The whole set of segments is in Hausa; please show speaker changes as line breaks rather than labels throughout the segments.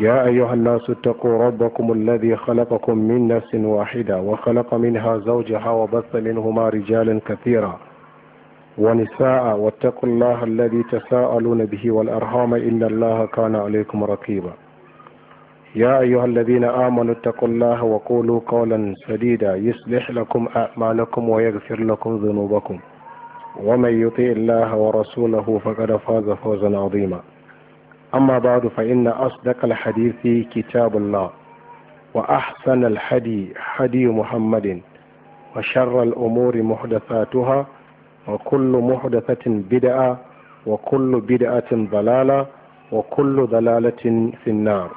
يا أيها الناس اتقوا ربكم الذي خلقكم من نفس واحدة وخلق منها زوجها وبث منهما رجالا كثيرا ونساء واتقوا الله الذي تساءلون به والأرحام إن الله كان عليكم رقيبا يا أيها الذين آمنوا اتقوا الله وقولوا قولا سديدا يصلح لكم أعمالكم ويغفر لكم ذنوبكم ومن يطيع الله ورسوله فقد فاز فوزا عظيما أما بعد فإن أصدق الحديث كتاب الله وأحسن الحدي حدي محمد وشر الأمور محدثاتها وكل محدثة بدعة وكل بدعة ضلالة وكل ضلالة في النار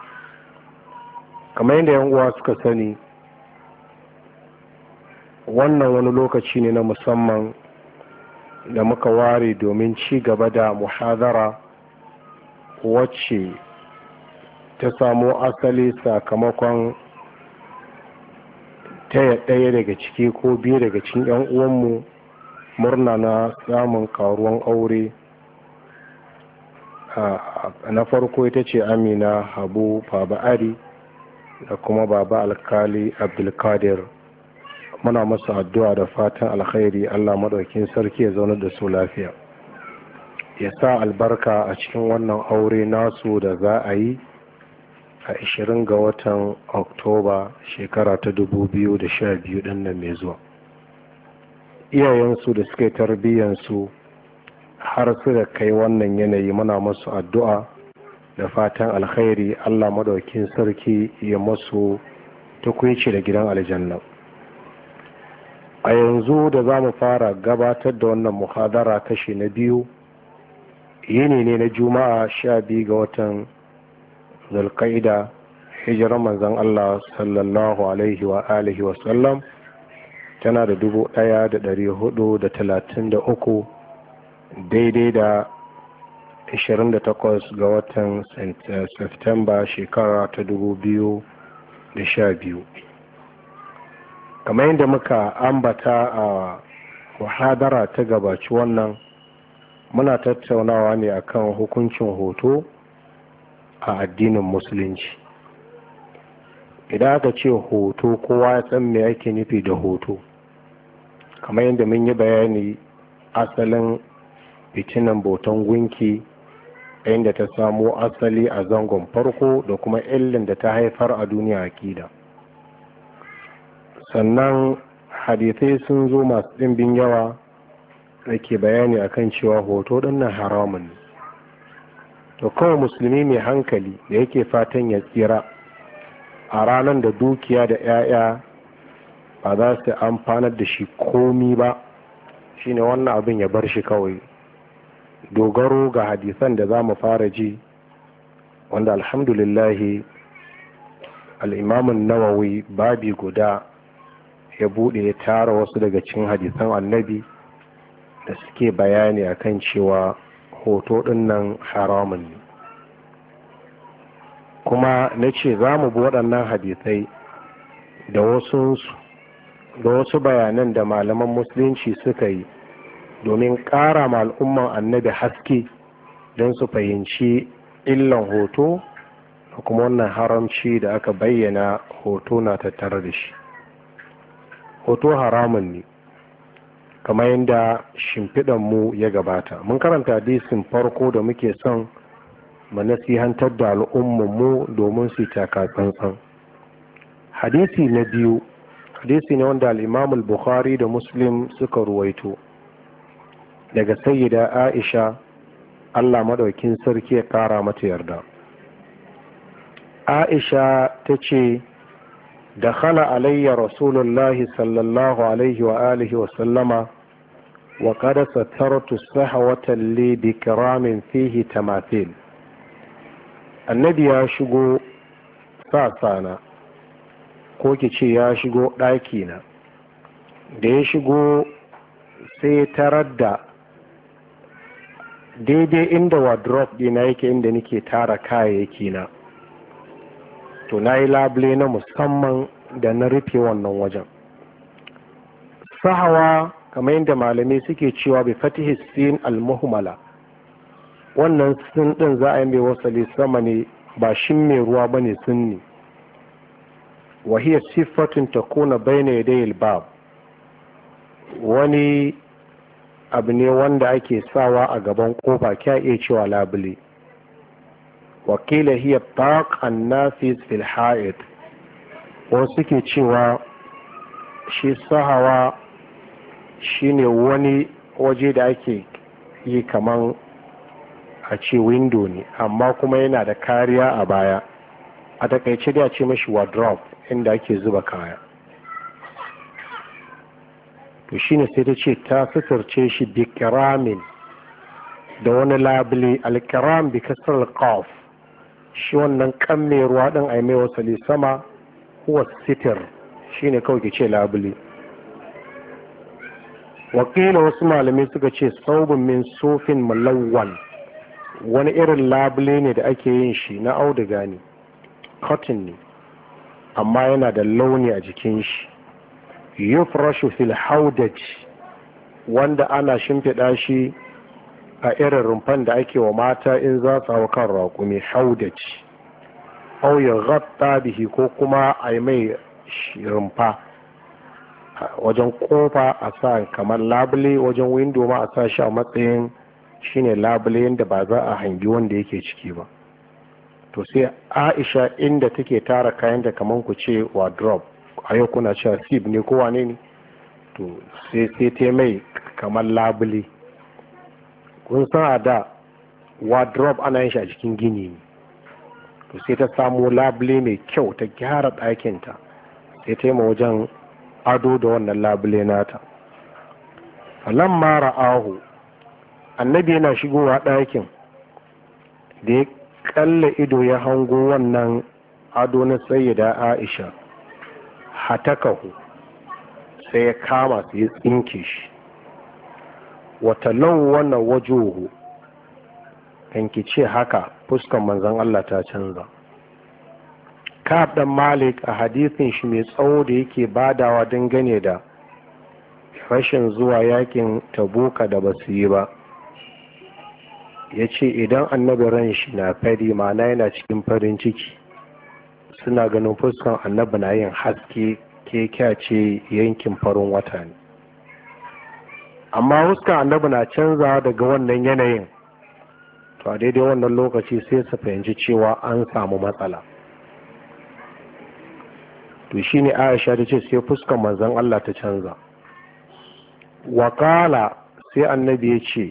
كما يندعون واسك سني wannan wani lokaci ne na musamman da muka ware domin ci gaba da muhazara wacce ta samo asali sakamakon taya ɗaya daga ciki ko biyu daga cikin 'yan uwanmu murna na samun karuwan aure na farko ita ce amina habu baba ari da kuma baba alkali abdulkadir muna masu addu'a da fatan alkhairi allah maɗaukin sarki ya zaunar da su lafiya ya sa albarka a cikin wannan aure nasu da za a yi a 20 ga watan oktoba shekara ta 2012 din nan mai zuwa iyayensu da suke tarbiyyansu har su da kai wannan yanayi muna masu addu'a da fatan alkhairi allah madaukin sarki ya masu tukunci da gidan aljanna a yanzu da za mu fara gabatar da wannan muhadara kashi na biyu yini ne na juma'a sha biyu ga watan zulkaida hijiran manzan allah sallallahu alaihi wa alihi sallam tana da dubu daya da dari hudu da talatin da uku daidai da 28 ga watan Septemba shekara ta dubu biyu da sha biyu. kamar yadda muka ambata a wahadara ta gabaci wannan muna tattaunawa ne akan hukuncin hoto a addinin musulunci idan aka ce hoto kowa ya san me ake nufi da hoto kamar yadda mun yi bayani asalin fitinan boton gunki da ta samo asali a zangon farko da kuma illin da ta haifar a duniya akida sannan hadithai sun zo masu ɗimbin yawa ake bayani akan cewa hoto dinnan haramun ne to kawai musulmi mai hankali da yake fatan ya tsira a ranar da dukiya da 'ya'ya ba za su amfanar da shi komi ba shine wannan abin ya bar shi kawai dogaro ga hadisan da za mu fara ji wanda alhamdulillahi al'imamun nawawi babi guda ya bude ya tara wasu daga cikin hadisan annabi da suke bayani a kan cewa hoto ɗin nan haramun ne kuma na ce za mu bi waɗannan hadisai da wasu da wasu bayanan da malaman musulunci suka yi domin ƙara ma al'umman annabi haske don su fahimci illan hoto da kuma wannan haramci da aka bayyana hoto na tattare da shi hoto haramun ne kamar yadda shimfiɗan mu ya gabata mun karanta hadisin farko da muke son mu nasihantar da al'ummar mu domin su taka tsantsan hadisi na biyu hadisi ne wanda al'imam bukhari da muslim suka ruwaito daga sayyida aisha allah maɗaukin sarki ya kara mata yarda aisha ta ce دخل علي رسول الله صلى الله عليه وآله وسلم وقد سترت السهوة لي بكرام فيه تماثيل النبي ياشقو ساسانا satsana ko ki ce ya shigo daidai inda wardrobe ɗina yake inda nake tara kayayyaki na to na yi labule na musamman da na rufe wannan wajen sahawa kamar yadda malamai suke cewa bai fatihi sin almuhmala wannan sun ɗin za a yi mai wasali sama ne ba shi mai ruwa ba ne sun ne wahiyar siffatin ta kona ya bab wani abu ne wanda ake sawa a gaban kofa kya iya cewa labule wakila hiya taq annafis fil ha'id wasu suke cewa shi sahawa shine wani waje da ake yi kaman a ce window ne amma kuma yana da kariya a baya a takaice da ce mashi wardrobe inda ake zuba kaya to shine sai ta ce ta suturce shi bikiramin da wani labule alkiram bi kasar shi wannan kan mai ruwa din a mai wasali sama huwa sitir ne kawai ke ce labule wakila wasu malamai suka ce saubin min sofin malawwal wani irin labule ne da ake yin shi na auduga ne cotton ne amma yana da launi a jikin shi yufrashu fil haudaj wanda ana shimfiɗa shi a irin rumfan da ake wa mata in za su hau kan raƙumi haudaci auyin ghatta bihi ko kuma a yi mai rumfa wajen kofa a sa kamar labule wajen windo ma a sa shi a matsayin shine labule yadda ba za a hangi wanda yake ciki ba to sai aisha inda take tara kayan da kamar ku ce wardrobe a yau kuna cewa sib ne ko wane ne to sai sai ta mai kamar labule kun san a da wardrobe ana yin shi a cikin gini ne to sai ta samu labule mai kyau ta gyara ɗakinta sai ta yi ma wajen ado da wannan labule nata falon mara ahu annabi yana shigowa ɗakin da ya kalla ido ya hango wannan ado na sayyida aisha hatakahu sai ya kama sai ya tsinke shi wata lauwana wajuhu ki ce haka fuskan manzan Allah ta canza kaf dan malik a hadisin shi mai tsawo da yake badawa gane da rashin zuwa yakin tabuka da basu yi ba ya ce idan annabi ran shi na fari ma'ana yana cikin farin ciki suna ganin fuskan annabi na yin haske ke kyace yankin farin wata ne amma huska annabi na canza daga wannan yanayin to a daidai wannan lokaci sai su fahimci cewa an samu matsala to shi ne aisha ta ce sai fuskan manzan Allah ta canza wakala sai annabi ya ce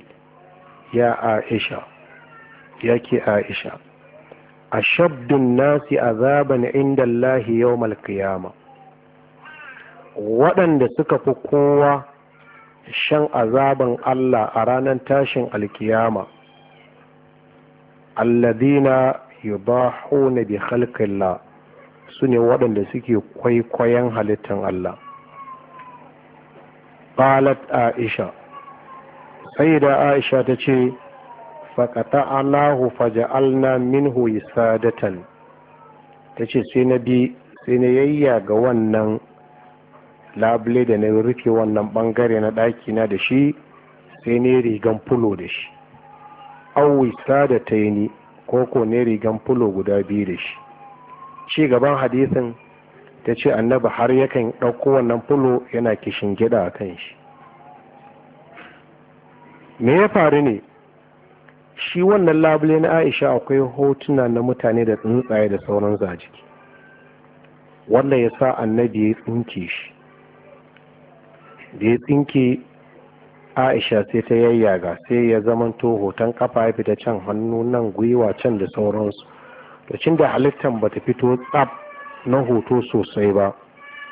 ya aisha ya ke aisha a shabdun nasi azaban inda Allahi yau malkiyama waɗanda suka fi kowa shan azaban Allah a ranar tashin alkiyama alladina yudahuna bi khalqillah su ne waɗanda suke kwaikwayon halittar Allah qalat aisha sai da aisha ta ce faƙata Allahu faja'alna minhu sadatan ta ce sai na bi sai na yayya ga wannan labule da na rufe wannan bangare na ɗaki na da shi sai ne rigan fulo da shi awwisa da ta yi koko ne rigan fulo guda biyu da shi ci gaban hadisin ta ce annaba har yakan ɗauko wannan fulo yana kishin gida a kan shi me ya faru ne shi wannan labule na aisha akwai hotuna na mutane da tsuntsaye da sauran zajiki wanda ya sa annabi ya tsinke shi da ya tsinke aisha sai ta yayyaga sai ya zamanto hoton kafa ya fita can hannu nan gwiwa can da sauransu to da halittar ba ta fito tsab na hoto sosai ba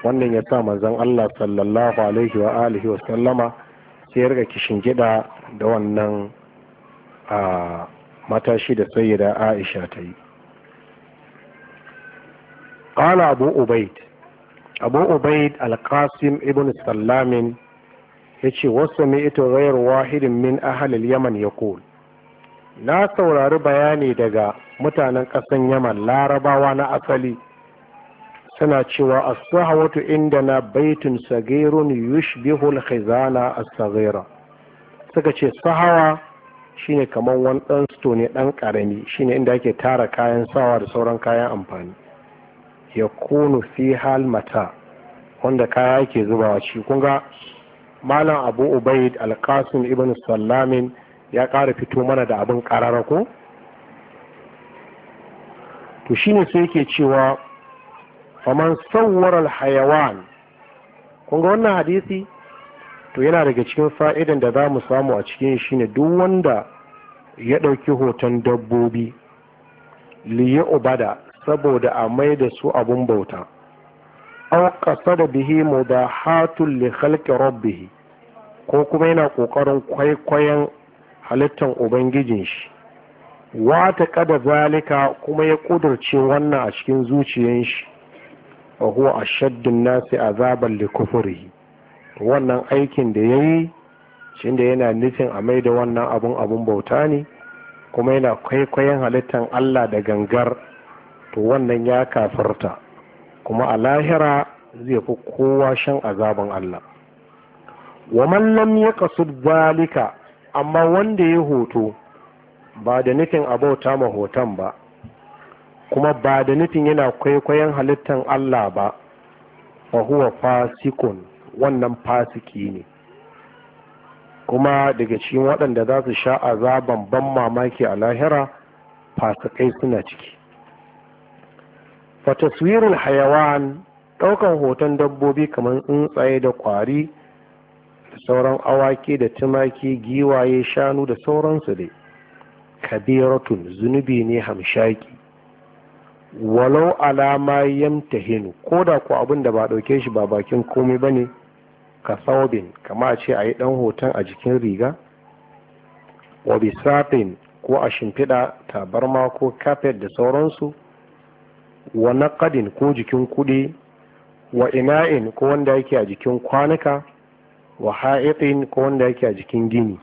wannan ya sa manzon allah sallallahu alaihi wa alihi wa sallama sai ya kishin gida da wannan a matashi da sayyida aisha ta yi قال أبو أبيد abu ubaid alkasim ibn sallamin ya ce wasu mai ito rayar wahidin min ahalil yaman ya na saurari bayani daga mutanen ƙasan yaman larabawa na asali suna cewa as inda na baitun sagirun yushbihu al-khizana as sagira suka ce sahawa shine kamar wani ɗan stone ne ƙarami shi shine inda ake tara kayan sawa da sauran kayan amfani ya kunu fi mata wanda kaya ke zubawa shi kunga malam abu ubaid alkasun ibn sallamin ya ƙara fito mana da abin karara ko to shine sai yake cewa faman sauwar hayawan kunga wannan hadisi to yana daga cikin fa'idan da za mu samu a cikin shi ne duk wanda ya ɗauki hoton dabbobi liya ubada saboda a mai da su abun bauta aw qasada bihi mudahatun li khalqi rabbih ko kuma yana ƙoƙarin kwaikwayon halittan ubangijin shi wata kada zalika kuma ya kudurce wannan a cikin zuciyan shi wa huwa ashaddun nasi azaban li kufrihi wannan aikin da yayi shin da yana nufin a mai da wannan abun abun bauta ne kuma yana kwaikwayon halittan Allah da gangar to wannan ya kafarta kuma a lahira zai fi kowa shan azaban Allah wa mallam ya kasu zalika amma wanda ya hoto ba da nufin abauta ma hoton ba kuma ba da nufin yana kwaikwayon halittar Allah ba fa huwa fasikun wannan fasiki ne kuma daga cikin waɗanda za su sha azaban ban mamaki a lahira fasikai suna ciki Fataswirin hayawan ɗaukan hoton dabbobi kamar tsuntsaye da ƙwari da sauran awaki da tumaki giwaye shanu da sauransu dai kabiratun zunubi ne hamshaki walau alama yamtahinu ko da ku abin da ba ɗauke shi ba bakin komai ba ne ka saubin kama a ce a yi ɗan hoton a jikin riga wa ko a shimfiɗa tabarma ko kafet da sauransu wa naqadin ko jikin kuɗi wa ina'in ko wanda yake a jikin kwanuka wa ha'iqin ko wanda yake a jikin gini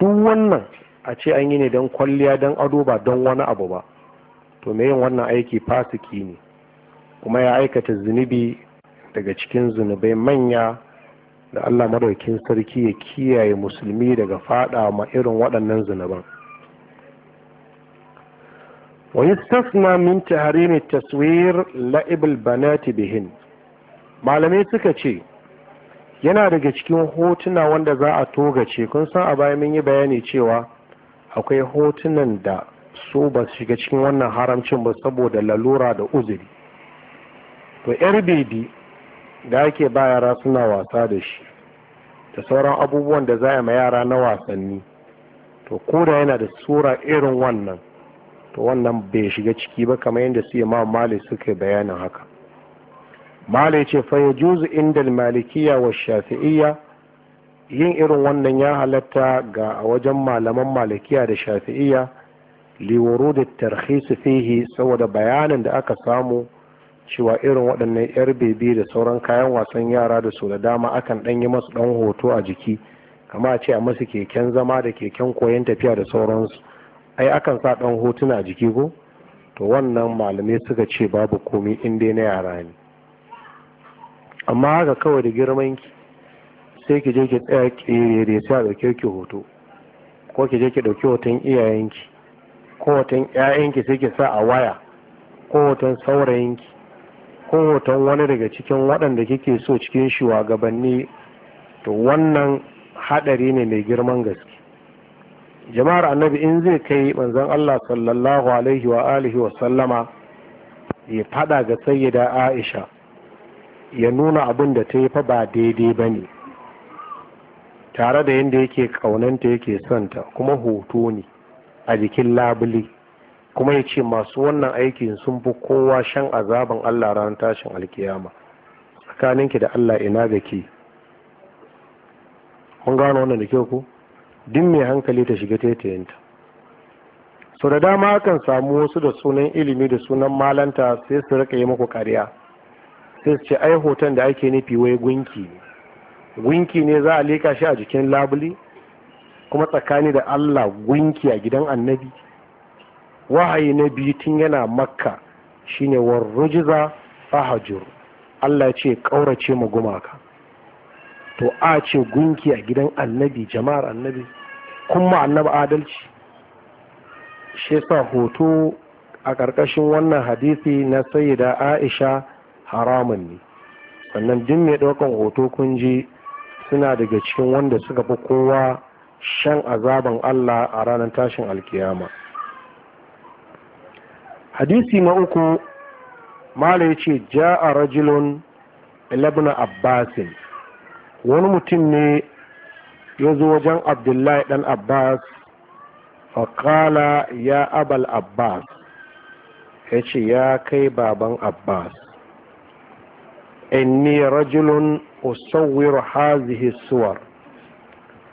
duk wannan a ce an yi ne don kwalliya don ado ba don wani abu ba to me yin wannan aiki fasiki ne kuma ya aikata zunubi daga cikin zunubai manya da Allah madaukin sarki ya kiyaye musulmi daga fada ma irin waɗannan zunuban ويستثنى من تحريم التصوير لعب البنات بهن malamai suka ce yana daga cikin hotuna wanda za a togace kun san a baya mun yi bayani cewa akwai hotunan da su ba su shiga cikin wannan haramcin ba saboda lalura da uzuri to yar bebi da ake ba yara suna wasa da shi da sauran abubuwan da za a ma yara na wasanni to koda yana da sura irin wannan to wannan bai shiga ciki ba kamar yadda su imam malik suka bayanin haka malik ce fa juzu indal malikiya wa shafi'iyya yin irin wannan ya halatta ga a wajen malaman malikiya da shafi'iyya liworo da tarhisu fihi saboda bayanin da aka samu cewa irin waɗannan yar bebe da sauran kayan wasan yara da su da dama akan ɗan yi masu ɗan hoto a jiki kama ce a masu keken zama da keken koyon tafiya da sauransu ai akan sa ɗan hotuna a jiki ko to wannan malamai suka ce babu komi in dai na yara ne amma haka kawai da girman ki sai ki je ki tsaya ƙere sai ka ki hoto ko ki je ki ɗauki hoton iyayenki ko hoton ki sai ki sa a waya ko hoton saurayinki ko hoton wani daga cikin waɗanda kike so cikin shugabanni to wannan haɗari ne mai girman gaske jama'ar annabi in zai kai manzon Allah sallallahu alaihi wa alihi wa sallama ya fada ga sayyida Aisha ya nuna abin da ta yi fa ba daidai ba ne tare da yadda yake kaunanta yake santa kuma hoto ne a jikin labule kuma ya ce masu wannan aikin sun fi kowa shan azaban Allah ranar tashin alkiyama tsakaninki da Allah ina ga ke mun gano wannan da kyau ku din mai hankali ta shiga taitayinta so da dama akan samu wasu da sunan ilimi da sunan malanta sai su rika yi maku kariya. sai su ce ai hoton da ake nufi wai gunki gunki ne za a leka shi a jikin labuli kuma tsakani da allah gunki a gidan annabi wahayi na biyu tun yana makka shine warrujiza fahajur allah ce ƙaurace ma gumaka to a ce gunki a gidan annabi jama'ar annabi kuma annabi adalci shi sa hoto a ƙarƙashin wannan hadisi na sayida aisha haramun ne sannan duk mai ɗaukan hoto kun ji suna daga cikin wanda suka fi kowa shan azaban allah a ranar tashin alkiyama hadisi na uku mala ya ce a rajilun ilabna abbasin wani mutum ne ya zo wajen abdullahi dan abbas faƙala ya abal abbas ya ce ya kai baban abbas inni rajulun usawwiru hazihi suwar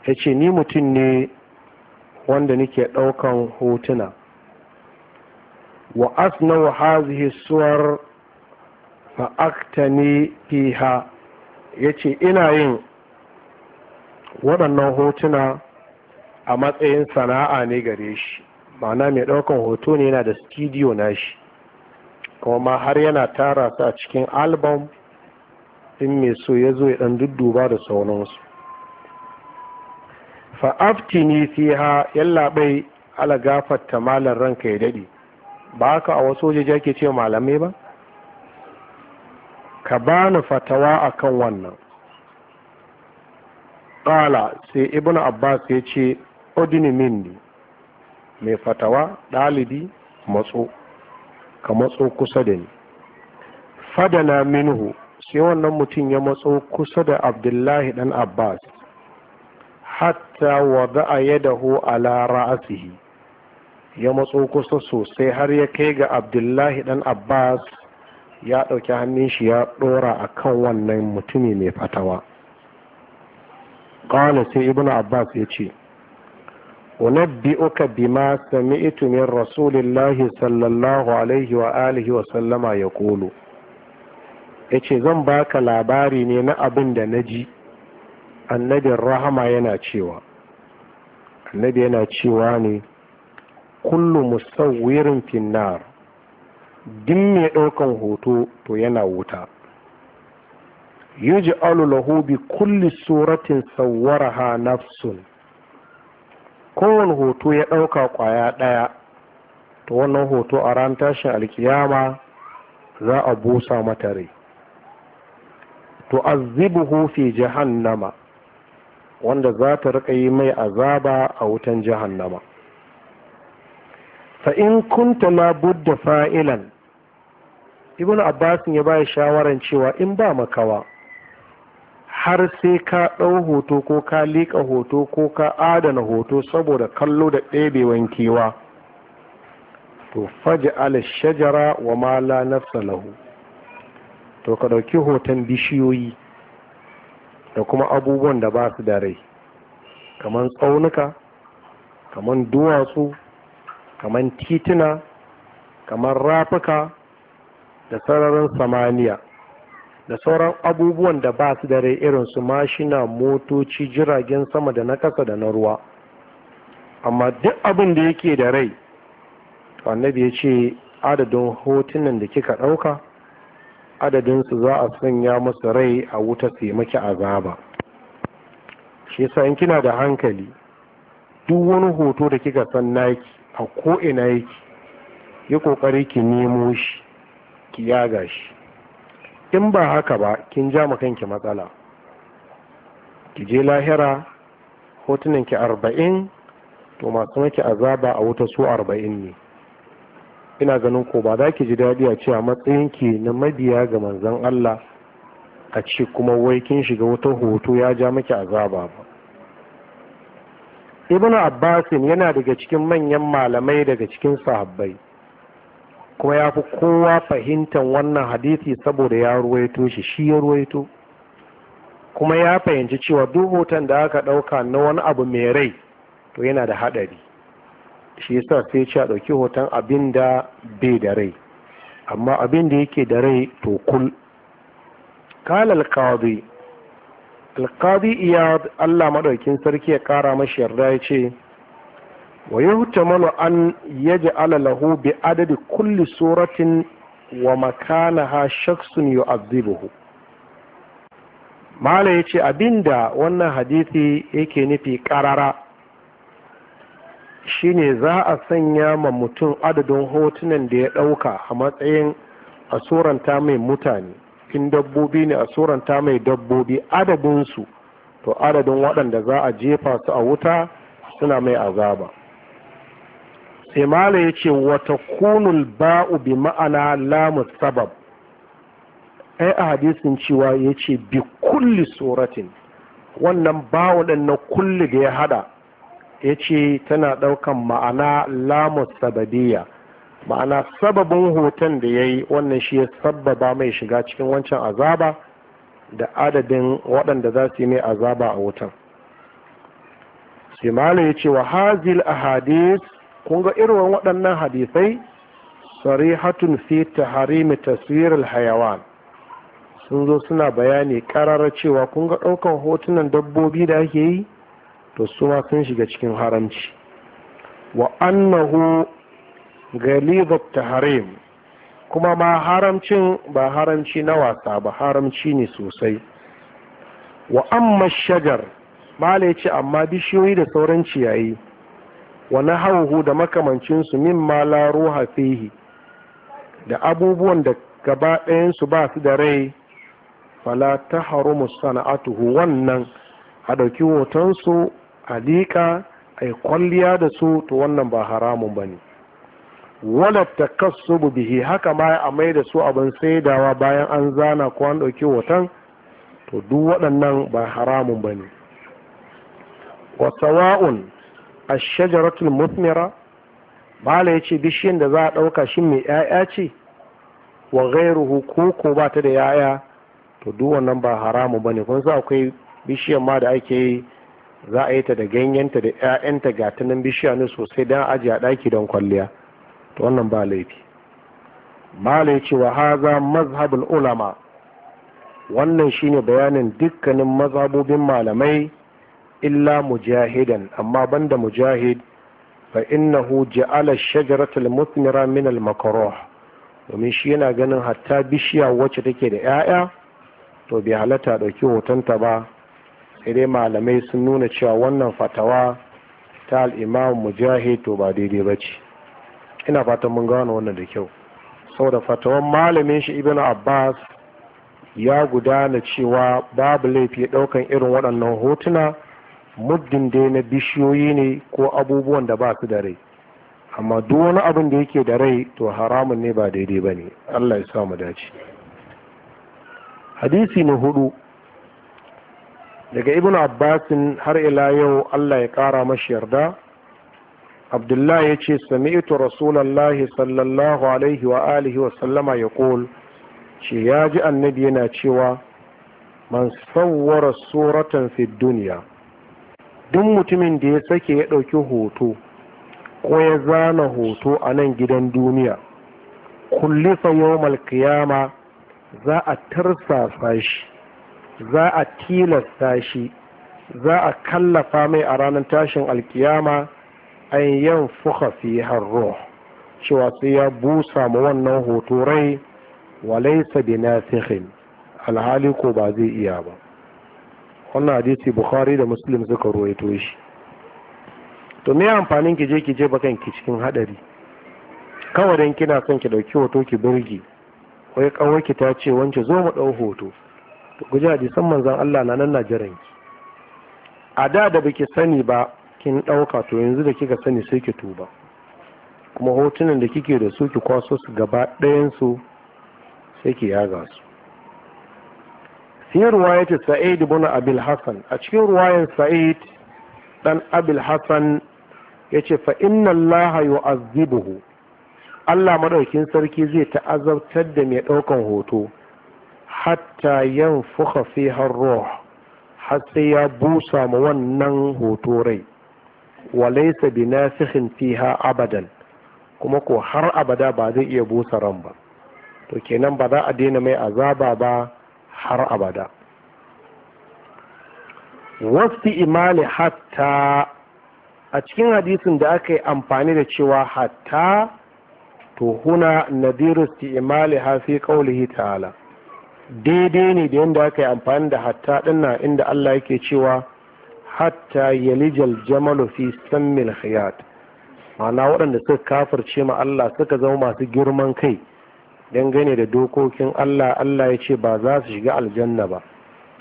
ya ce ni mutum ne wanda nake ɗaukan hotuna wa asnawa hazihi suwar fa'aktani fiha ya ce ina yin waɗannan hotuna a matsayin sana'a ne gare shi mana mai ɗaukan hoto ne yana da studio na shi kuma har yana tara su a cikin album in mai so ya zo ya ɗan dudduba da sauransu fa'aftini fiha yallaɓai ala gafarta malar ranka ya daɗe ba haka a wasu wajeji ake ce malamai ba ka bani fatawa akan wannan ƙala sai ibn abbas ya ce odini ne. mai fatawa ɗalibi matso ka matso kusa da ni fadana minhu sai wannan mutum ya matso kusa da abdullahi dan abbas hatta wada a yadahu ala ra'asihi ya matso kusa sosai har ya kai ga abdullahi dan abbas ya ɗauki hannun shi ya ɗora a kan wannan mutumi mai fatawa ƙawala sai ibn abbas ya ce unabbi'uka bima sami'tu min rasulillahi sallallahu alaihi wa alihi wa sallama ya kolo ya ce zan baka labari ne na abin da na ji annabin rahama yana cewa annabi yana cewa ne kullu musawwirin finnar din mai ɗaukan hoto to yana wuta yuji lahu bi kulli suratin sawwaraha nafsun kowane hoto ya ɗauka ƙwaya ɗaya to wannan hoto a ran tashin alkiyama za a busa mata rai to azibuhu fi jahannama wanda za ta riƙa yi mai azaba a wutan jahannama fa in kunta la budda fa'ilan ibn abbas ya bayar shawaran cewa in ba makawa har sai ka ɗau hoto ko ka liƙa hoto ko ka adana hoto saboda kallo da ɗebewan kewa to faji shajara wa mala nafsa lahu to ka ɗauki hoton bishiyoyi da kuma abubuwan da ba su da rai kamar tsaunuka kamar duwatsu kamar tituna kamar rafuka da sararin samaniya da sauran abubuwan da ba su da rai irin su mashina motoci jiragen sama da na ƙasa da na ruwa amma duk abin da yake da rai annabi ya ce adadin hotunan da kika ɗauka su za a sanya musu rai a wuta su yi maki azaba shi yasa in kina da hankali duk wani hoto da kika san naki a ko'ina yake yi ƙoƙari ki nemo shi ki ya gashi in ba haka ba kin ja ma kanki matsala ki je lahira hotunan ki arba'in to masu maki azaba a wuta su arba'in ne ina ganin ko ba za ki ji daɗi a ce a matsayinki na mabiya ga manzon Allah a ce kuma wai kin shiga wata hoto ya ja maki azaba ba Ibn abbasin yana daga cikin manyan malamai daga cikin sahabbai kuma ya fi kowa fahimtar wannan hadisi saboda ya ruwaito shi shi ya ruwaito kuma ya fahimci cewa duk hoton da aka ɗauka na wani abu mai rai to yana da haɗari shi yasa sai ce a ɗauki hoton abin da bai da rai amma abin da yake da rai to kul kala alkazi alkazi iya allah maɗaukin sarki ya ƙara mashi yarda ya ce wa yuhtamalu an yaj'ala lahu bi adadi kulli suratin wa makanaha shakhsun yu'adhibuhu mala yace abinda wannan hadisi yake nufi ƙarara shine za a sanya ma mutum adadin hotunan da ya ɗauka a matsayin a mai mutane in dabbobi ne a suranta mai dabbobi adadinsu to adadin waɗanda za a jefa su a wuta suna mai azaba sai mala ya ce wata kunul ba'u bi ma'ana lamu sabab ai a hadisin cewa ya ce bi kulli suratin wannan ba'u ɗin kulli da ya hada ya ce tana ɗaukan ma'ana lamu sababiyya ma'ana sababin hoton da ya yi wannan shi ya sababa mai shiga cikin wancan azaba da adadin waɗanda za su yi mai azaba a wutan sai mala ya ce wa hazil ahadis kun ga irin waɗannan hadisai sarihatun fi taharimi taswirar hayawan sun zo suna bayani karar cewa kun ga ɗaukan hotunan dabbobi da ake yi to su ma sun shiga cikin haramci wa annahu galibat taharim kuma ma haramcin ba haramci na wasa ba haramci ne sosai wa amma shagar ma ce amma bishiyoyi da sauran ciyayi wa nahawuhu da makamancin su mimma la ruha fihi da abubuwan da gaba ɗayan su ba su da rai fala tahrumu sana'atuhu wannan a ɗauki hoton su a liƙa a yi kwalliya da su to wannan ba haramun ba ne wala takassubu bihi haka ma a mai da su abin saidawa bayan an zana ko an ɗauki hoton to duk waɗannan ba haramun ba ne wasawa'un ashajaratul mutmira bala ya ce bishiyan da za a ɗauka shi mai 'ya'ya ce wa gairuhu ko ba ta da 'ya'ya to duk wannan ba haramu ba ne kun sa akwai bishiyan ma da ake yi za a yi ta da ganyenta da 'ya'yanta ga tunan bishiya ne sosai don ajiye a ɗaki don kwalliya to wannan ba laifi bala ya wa haza mazhabul ulama wannan shine bayanin dukkanin mazhabobin malamai illa mujahidan amma banda mujahid fa innahu ja'ala shajaratul mutmira min al makruh domin shi yana ganin hatta bishiya wacce take da 'ya'ya to bai halatta ɗauki hotonta ba sai malamai sun nuna cewa wannan fatawa ta al'imam mujahid to ba daidai ba ce ina fatan mun gano wannan da kyau saboda fatawan malamin shi ibn abbas ya gudana cewa babu laifi ɗaukan irin waɗannan hotuna muddin dai na bishiyoyi ne ko abubuwan da ba su da rai amma duk wani abin da yake da rai to haramun ne ba daidai ba ne allah ya samu dace hadisi na hudu daga ibn abbasin har ila yau allah ya kara mashi yarda abdullahi ya ce sami'tu rasulallahi sallallahu alaihi wa alihi wa sallama ya kol ce ya ji annabi yana cewa man sawwara suratan fi duniya duk mutumin da ya sake ya ɗauki hoto ko ya zana hoto a nan gidan duniya kullisa yawmal kiyama za a tarsasa shi za a tilasta shi za a kallafa mai a ranar tashin alkiyama an yan fuka fi harro cewa sai ya busa ma wannan hoto rai walaisa bi nasihin alhali ko ba zai iya ba wannan hadisi bukhari da muslim suka ruwaito shi to me amfanin ki je ki je bakan ki cikin hadari kawai dan kina son ki dauki hoto ki burge wai kawai ki ta ce wance zo mu dau hoto to guji hadisan manzon Allah na nan na ki a da da baki sani ba kin dauka to yanzu da kika sani sai ki tuba kuma hotunan da kike da su ki kwaso su gaba ɗayan su sai ki yaga su fi ruwayati sa'id ibn abil hasan a cikin ruwayan sa'id ɗan abil hasan yace fa inna allaha yu'azzibuhu Allah madaukin sarki zai ta'azabtar da mai ɗaukan hoto hatta 'yan fiha ruh har sai ya busa ma wannan hoto rai walaisa bi nasikhin fiha abadan kuma ko har abada ba zai iya busa ran ba to kenan ba za a daina mai azaba ba har abada wasu imali hatta a cikin hadisin da aka yi amfani da cewa hatta to huna nadiru imali hafi kaulihi ta'ala daidai ne da yadda aka yi amfani da hatta dinna inda Allah yake cewa hatta yalijal jamalu fi sammil khiyat ma'ana waɗanda suka kafirce ma Allah suka zama masu girman kai dangane da dokokin Allah Allah ya ce ba za su shiga aljanna ba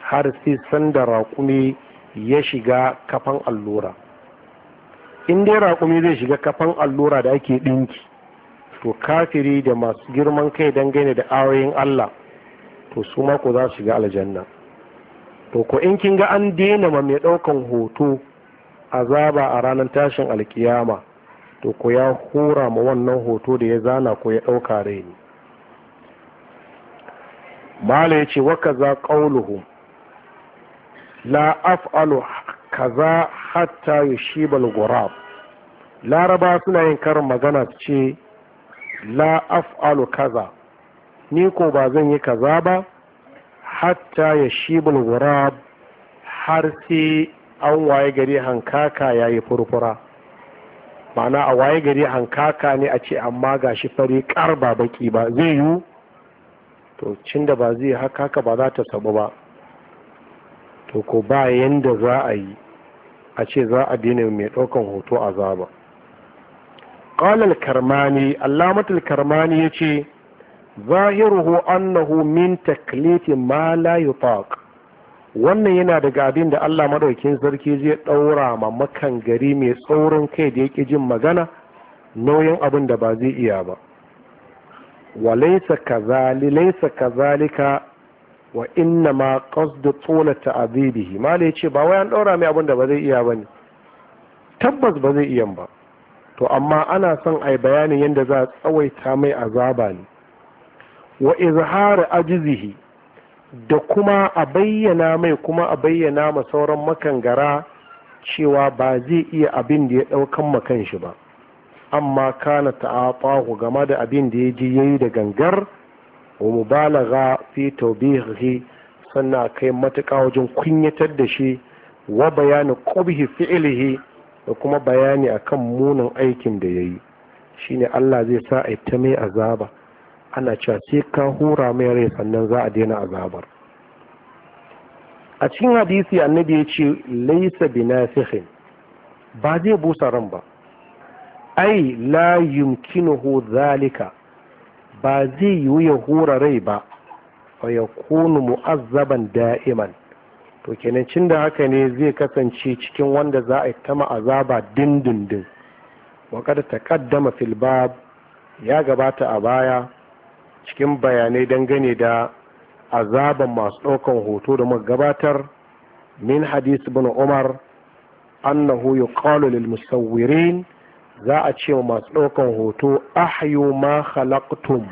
har sai sanda raƙumi ya shiga kafan allura in dai raƙumi zai shiga kafan allura da ake ɗinki to kafiri da masu girman kai dangane da ayoyin Allah to su mako za su shiga aljanna to ko in kin ga an daina ma mai ɗaukan hoto azaba a ranar tashin alkiyama to ko ya hura ma wannan hoto da ya zana ko ya ɗauka rai mala ya ce waka za ƙauluhu la af'alu kaza hatta shi gurab laraba suna yin karin magana su ce la af'alu kaza ni ko ba zan yi kaza ba hatta ya shi gurab har sai an waye gari hankaka ya yi furfura ma'ana a waye gari hankaka ne a ce amma ga shi fari kar ba baki ba zai yiwu to cin da ba zai haka haka ba za ta samu ba to ko ba yanda za a yi a ce za a daina mai ɗaukan hoto a ba ƙalal karmani allamatul karmani ya ce zahiruhu annahu min taklifi ma la yutaq wannan yana daga abin da Allah madaukin sarki zai ɗaura ma makan gari mai tsaurin kai da yake jin magana nauyin abin da ba zai iya ba wa laisa kazalika wa inna ma qasdu tsola ta'azibihi mala yace ba wai an ɗaura mai abin da ba zai iya bane tabbas ba zai iya ba to amma ana son a yi bayanin yadda za a tsawaita mai azaba ne wa izhar ajizihi da kuma a bayyana mai kuma a bayyana ma sauran makangara cewa ba zai iya abinda da ya daukan makan shi ba amma kana ta'atahu game da abin da ya ji yayi da gangar wa mubalagha fi tawbihi sannan kai matuƙa wajen kunyatar da shi wa bayani qubhi fi'lihi da kuma bayani akan munin aikin da yayi shine Allah zai sa a ta mai azaba ana cewa sai ka hura mai rai sannan za a daina azabar a cikin hadisi annabi ya ce laisa binasihin ba zai busa ran ba ai la yumkinuhu zalika ba zai yi ya hura rai ba fa ya kunu mu'azzaban da'iman to kenan cin da haka ne zai kasance cikin wanda za a yi ta ma'azaba dindindin wa kada ta fil ya gabata a baya cikin bayanai dangane da azaban masu ɗaukan hoto da muka gabatar min hadis bin umar annahu yuqalu lil musawwirin za a ce masu ɗaukan hoto ahyu ma khalaqtum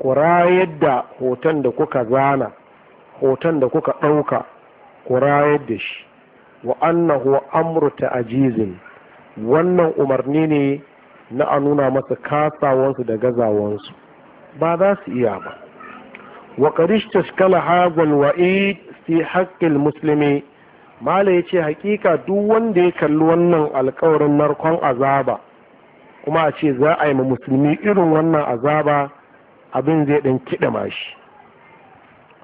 ku rayar da hoton da kuka zana hoton da kuka ɗauka ku rayar da shi wa annahu amru ta'jizin wannan umarni ne na a nuna masa kasawansu da gazawansu ba za su iya ba wa karishta shkala hazal wa'id fi haƙƙin musulmi mala ya ce hakika duk wanda ya kalli wannan alƙawarin narkon azaba kuma a ce za a yi ma musulmi irin wannan azaba abin zai ɗan kiɗa mashi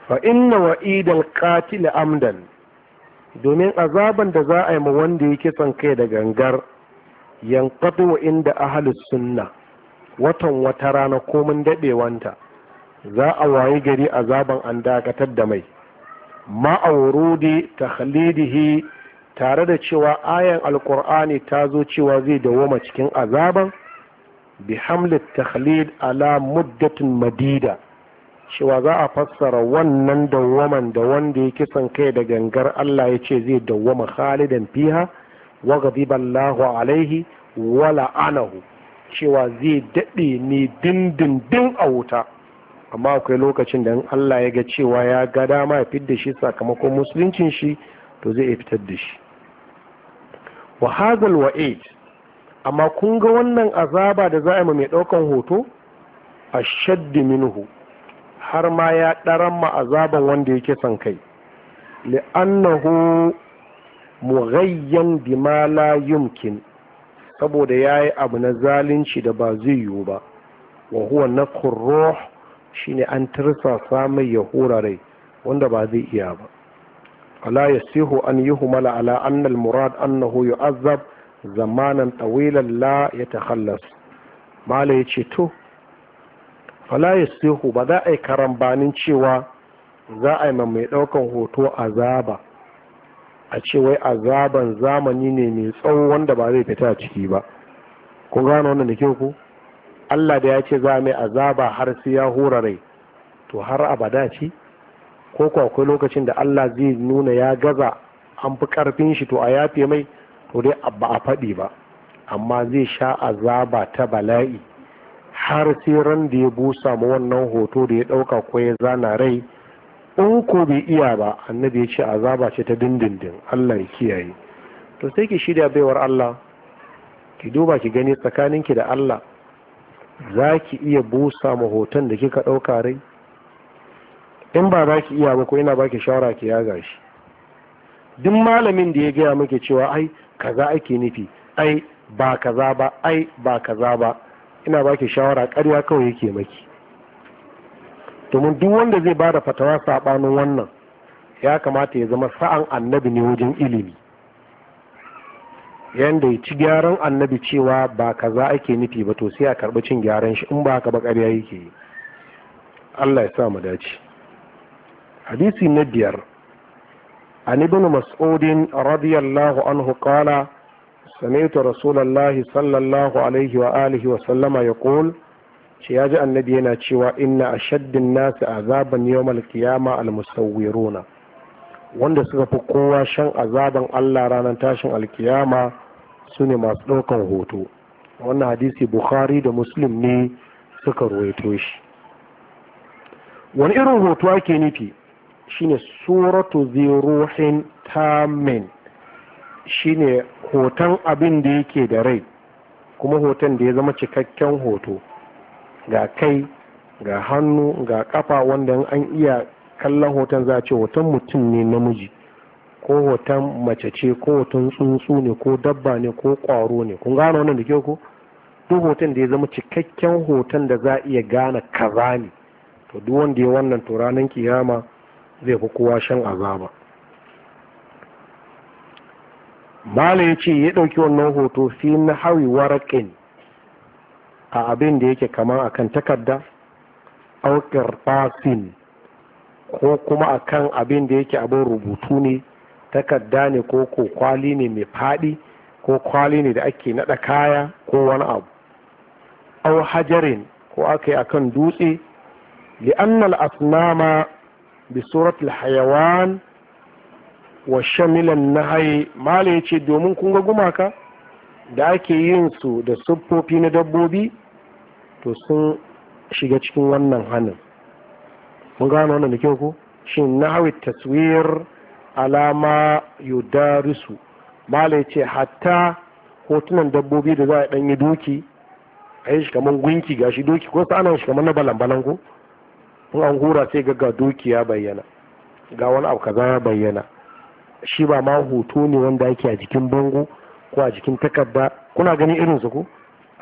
fa inna Idan qatil amdan domin azaban da za a yi ma wanda yake son kai da gangar yankatu wa inda ahalus sunna watan wata rana komin daɗewanta za a wayi gari azaban an dakatar da mai ma'aurudi takhlidihi tare da cewa ayan alkur'ani ta zo cewa zai dawoma cikin azaban bi takhlid ala muddatin madida cewa za a fassara wannan dawwaman da wanda ya kisan kai da gangar Allah ya ce zai dawwama khalidan fiha wa Allahu alaihi wa la'anahu cewa zai dade ne dindindin a wuta amma akwai lokacin da Allah ya ga cewa ya ga dama ya fidda shi sakamakon musuluncin shi to zai fitar da shi wa hazal aid amma kun ga wannan azaba da za a yi mai ɗaukan hoto a shaddi minhu har ma ya ɗarama ma azaban wanda yake son kai li'annahu mughayyan bima la yumkin saboda yayi abu na zalunci da ba zai yiwu ba wa huwa nafkhur ruh shine an tirsasa mai ya rai wanda ba zai iya ba fala yasihu an yuhmala ala anna murad annahu yu'azzab zamanan tawilan la yatakhallas mala yace to fala yasihu ba za a yi karambanin cewa za a yi mai daukan hoto azaba a ce azaban zamani ne mai tsawo wanda ba zai fita ciki ba kun gane wannan da Allah da ya ce za mai azaba har sai ya hura rai to har abada ce ko ko akwai lokacin da Allah zai nuna ya gaza an fi karfin shi to a yafe mai to dai ba a faɗi ba amma zai sha azaba ta bala'i har sai ran da ya busa ma wannan hoto da ya ɗauka ko ya zana rai in ko bai iya ba annabi ya ce azaba ce ta dindindin Allah ya kiyaye to sai ki shirya baiwar Allah ki duba ki gani tsakaninki da Allah za ki iya busa ma hoton da kika ɗauka rai in ba za ki iya ba ko ina baki shawara ki ya gashi duk malamin da ya gaya miki cewa ai kaza ake nufi ai ba kaza ba ai ba kaza ba ina baki shawara ƙarya kawai yake maki domin duk wanda zai bada fatawa sabanin wannan ya kamata ya zama sa'an annabi ne wajen ilimi yanda ya ci gyaran annabi cewa ba kaza ake nufi ba to sai a karbi cin gyaran shi in ba haka ba ƙarya yake yi Allah ya sa mu dace hadisi na biyar an ibn mas'udin radiyallahu anhu qala سمعت رسول ya صلى ce عليه وآله وسلم يقول شياج النبي ناتشوا إن أشد الناس عذابا يوم القيامة المصورون wanda suka fi kowa shan azaban Allah ranar tashin alkiyama su ne masu ɗaukan hoto wannan hadisi bukhari da muslim ne suka ruwaito shi wani irin hoto ake nufi shine suratu ziruhin tamin shine hoton abin da yake da rai kuma hoton da ya zama cikakken hoto ga kai ga hannu ga kafa wanda an iya kallon hoton za a ce hoton mutum ne namiji ko hoton mace ce ko hoton tsuntsu ne ko dabba ne ko kwaro ne kun gane wannan da ke ko duk hoton da ya zama cikakken hoton da za a iya gane kaza ne to duk wanda ya wannan to ranar kiyama zai fi kowa shan azaba mala ya ce ya ɗauki wannan hoto fi na hawi waraƙin a abin da yake kama kan takarda aukar fasin ko kuma a kan abin da yake abin rubutu ne takarda ne ko ko kwali ne mai faɗi ko kwali ne da ake naɗa kaya ko wani abu au hajarin ko aka yi a kan dutse li'annal asnama bi hayawan wa shamilan nahai mala ya ce domin kun ga gumaka da ake yin su da siffofi na dabbobi to sun shiga cikin wannan hannun mun gano wannan da kyau ko shi nahawi taswir alama yudarisu mala ya ce hatta hotunan dabbobi da za a ɗanyi doki a yi shi gunki gashi doki ko sa'anan shi kamar na balan-balan in an hura sai ga ga dukiya bayyana ga wani abu kaza ya bayyana shi ba ma hoto ne wanda yake a jikin bango ko a jikin takarda kuna ganin irinsu ko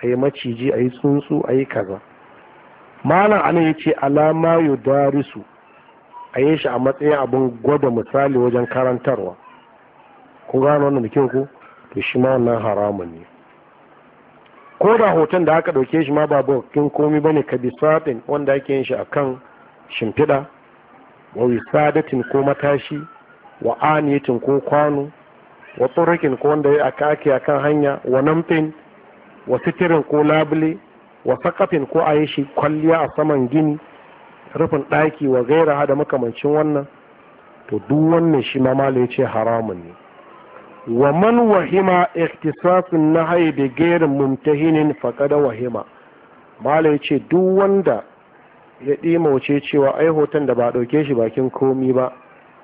a yi maciji a yi tsuntsu a yi kaza malam ana ya ce alama yudarisu a yi shi a matsayin abin gwada misali wajen karantarwa kun gano wannan kyau ko to shi ma wannan haramun ne ko da hoton da aka ɗauke shi ma ba bakin komi bane ka bisatin wanda ake yin shi akan shimfiɗa wa wisadatin ko matashi wa aniyatin ko kwano wa tsorakin ko wanda ya aka a kan hanya wa namfin wa sitirin ko labule wa sakafin ko ayi shi kwalliya a saman gini rufin ɗaki wa gaira da makamancin wannan to duk wannan shi ma mala ya ce haramun ne wa man wahima ikhtisasun na haibe gairin mumtahinin faƙada wahima mala ya ce duk wanda ya ɗi ɗimauce cewa ai hoton da ba ɗauke shi bakin komi ba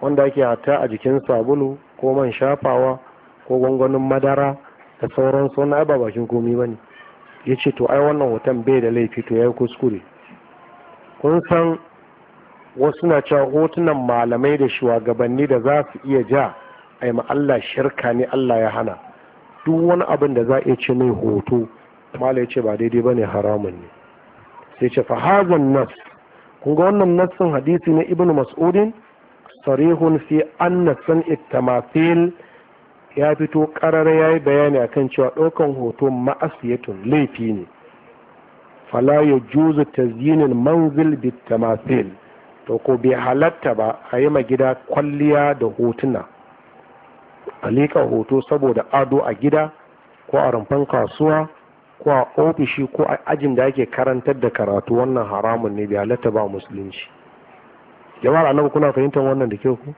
wanda ake hata a jikin sabulu ko man shafawa ko gwangwanin madara da sauran suna ba bakin komi ba ne ya ce to ai wannan hoton bai da laifi to ya yi kuskure kun san wasu na cewa hotunan malamai da shugabanni da za su iya ja a yi Allah shirka ne Allah ya hana duk wani abin da za a iya ce mai hoto mala ya ce ba daidai ba ne haramun ne sai ce fahazan nas kun ga wannan nassin hadisi na Ibn mas'udin sarihun fi an nasan ittamafil ya fito ya yi bayani a kan cewa ɗaukan hoto ma'asiyatun laifi ne fala ta zinin manzil bit to ko bai halatta ba a yi ma gida kwalliya da hotuna a liƙa hoto saboda ado a gida ko a rumfan kasuwa ko a ofishi ko a ajin da ake karantar da karatu wannan haramun ne bai halatta ba musulunci jama'ar annabi kuna fahimtar wannan da kyau ku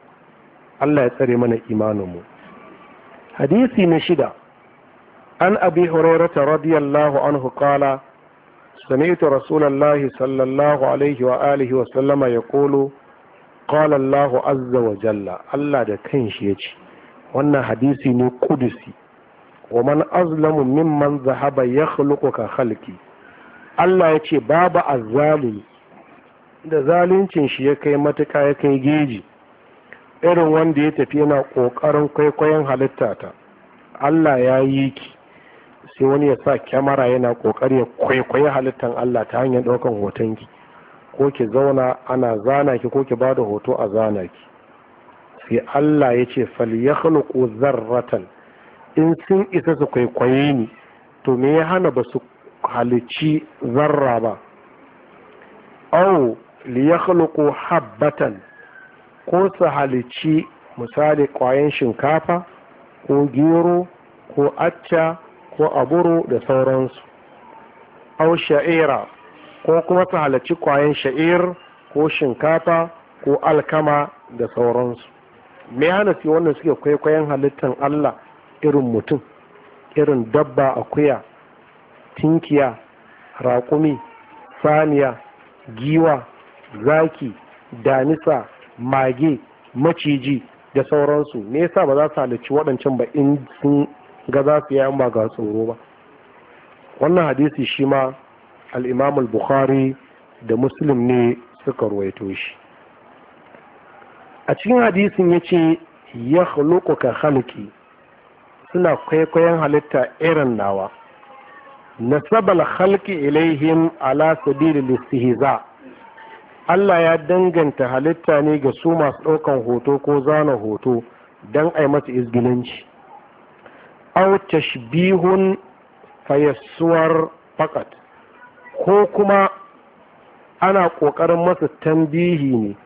Allah ya tsare mana imaninmu hadisi na shida an abi hurairata radiyallahu anhu qala سمعت رسول الله wa الله عليه وآله وسلم يقول قال الله عز وجل الله ده ya ce. wannan hadisi ne kudusi wa man azlamu mimman zahaba ya ka halki Allah ya ce babu azzalumi da zaluncin shi ya kai matuka ya kai geji irin wanda ya tafi yana ƙoƙarin kwaikwayon halitta ta Allah ya yi ki sai wani ya sa kyamara yana ƙoƙari ya kwaikwayi halittan Allah ta hanyar ɗaukan hoton ki ko ki zauna ana zana ki ko ki ba da hoto a zana ki sai Allah ya ce fal yakhluqu zarratan in sun isa su kwaikwaye ni to me ya hana ba su halici zarra ba au liyakhluqu habbatan ko su halici misali kwayan shinkafa ko gero ko acca ko aburo da sauransu au sha'ira ko kuma su halarci kwayan sha'ir ko shinkafa ko alkama da sauransu me hana su wannan suke kwaikwayon halittan Allah irin mutum irin dabba akuya tinkiya raƙumi saniya giwa zaki damisa mage maciji da sauransu me yasa ba za su halarci waɗancan ba in sun ga za su yi ba ga tsoro ba wannan hadisi shi ma al'imam bukhari da muslim ne suka ruwaito shi a cikin hadisin ya ce ya ka halki suna kwaikwayon halitta irin nawa nasabal halki ilaihim ala sabili listihza Allah ya danganta halitta ne ga su masu ɗaukan hoto ko zana hoto don ai yi mata izgilanci aw tashbihun fayassuwar fakat ko kuma ana ƙoƙarin masa tambihi ne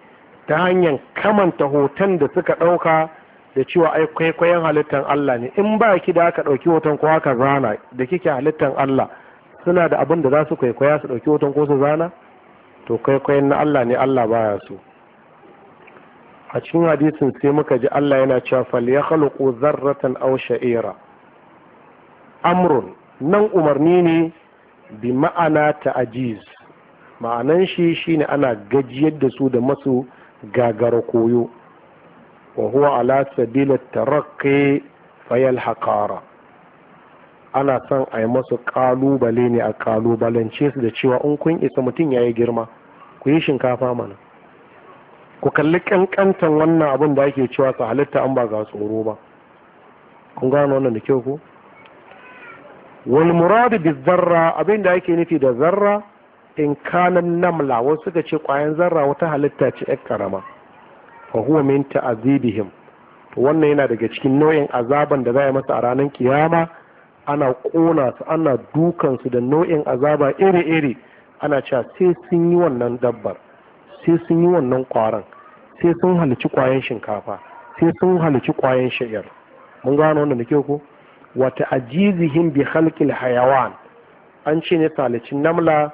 ta hanyar kamanta hoton da suka ɗauka da cewa ai kwaikwayon halittar Allah ne in ba ki da aka ɗauki hoton ko aka zana da kike halittar Allah suna da abin da za su kwaikwaya su ɗauki hoton ko su zana to kwaikwayon na Allah ne Allah baya so a cikin hadisin sai muka ji Allah yana cewa fal ya khalqu zarratan aw sha'ira amrun nan umarni ne bi ma'ana ta'jiz ma'anan shi shine ana gajiyar da su da masu gagara koyo وهو على سبيل الترقي tarakki fayal ana son a yi masu ƙalubale ne a ƙalubalance su da cewa in kun isa mutum ya yi girma ku yi shinkafa mana ku kalli ƙanƙantan wannan abin da ake cewa su halitta an ba ga tsoro ba kun gano wannan da kyau ko wal muradu bi zarra abin da ake nufi da zarra in kanan namla wasu suka ce kwayan zarra wata halitta ce yar karama fahuwa min ta'azibihim to wannan yana daga cikin nau'in azaban da za a masa a ranar kiyama ana kona su ana dukan su da nau'in azaba iri-iri ana cewa sai sun yi wannan dabbar sai sun yi wannan kwaron sai sun halici kwayan shinkafa sai sun halici kwayan shayar. mun gano wanda nake ko wata ajizihim bi khalqil hayawan an ce ne salicin namla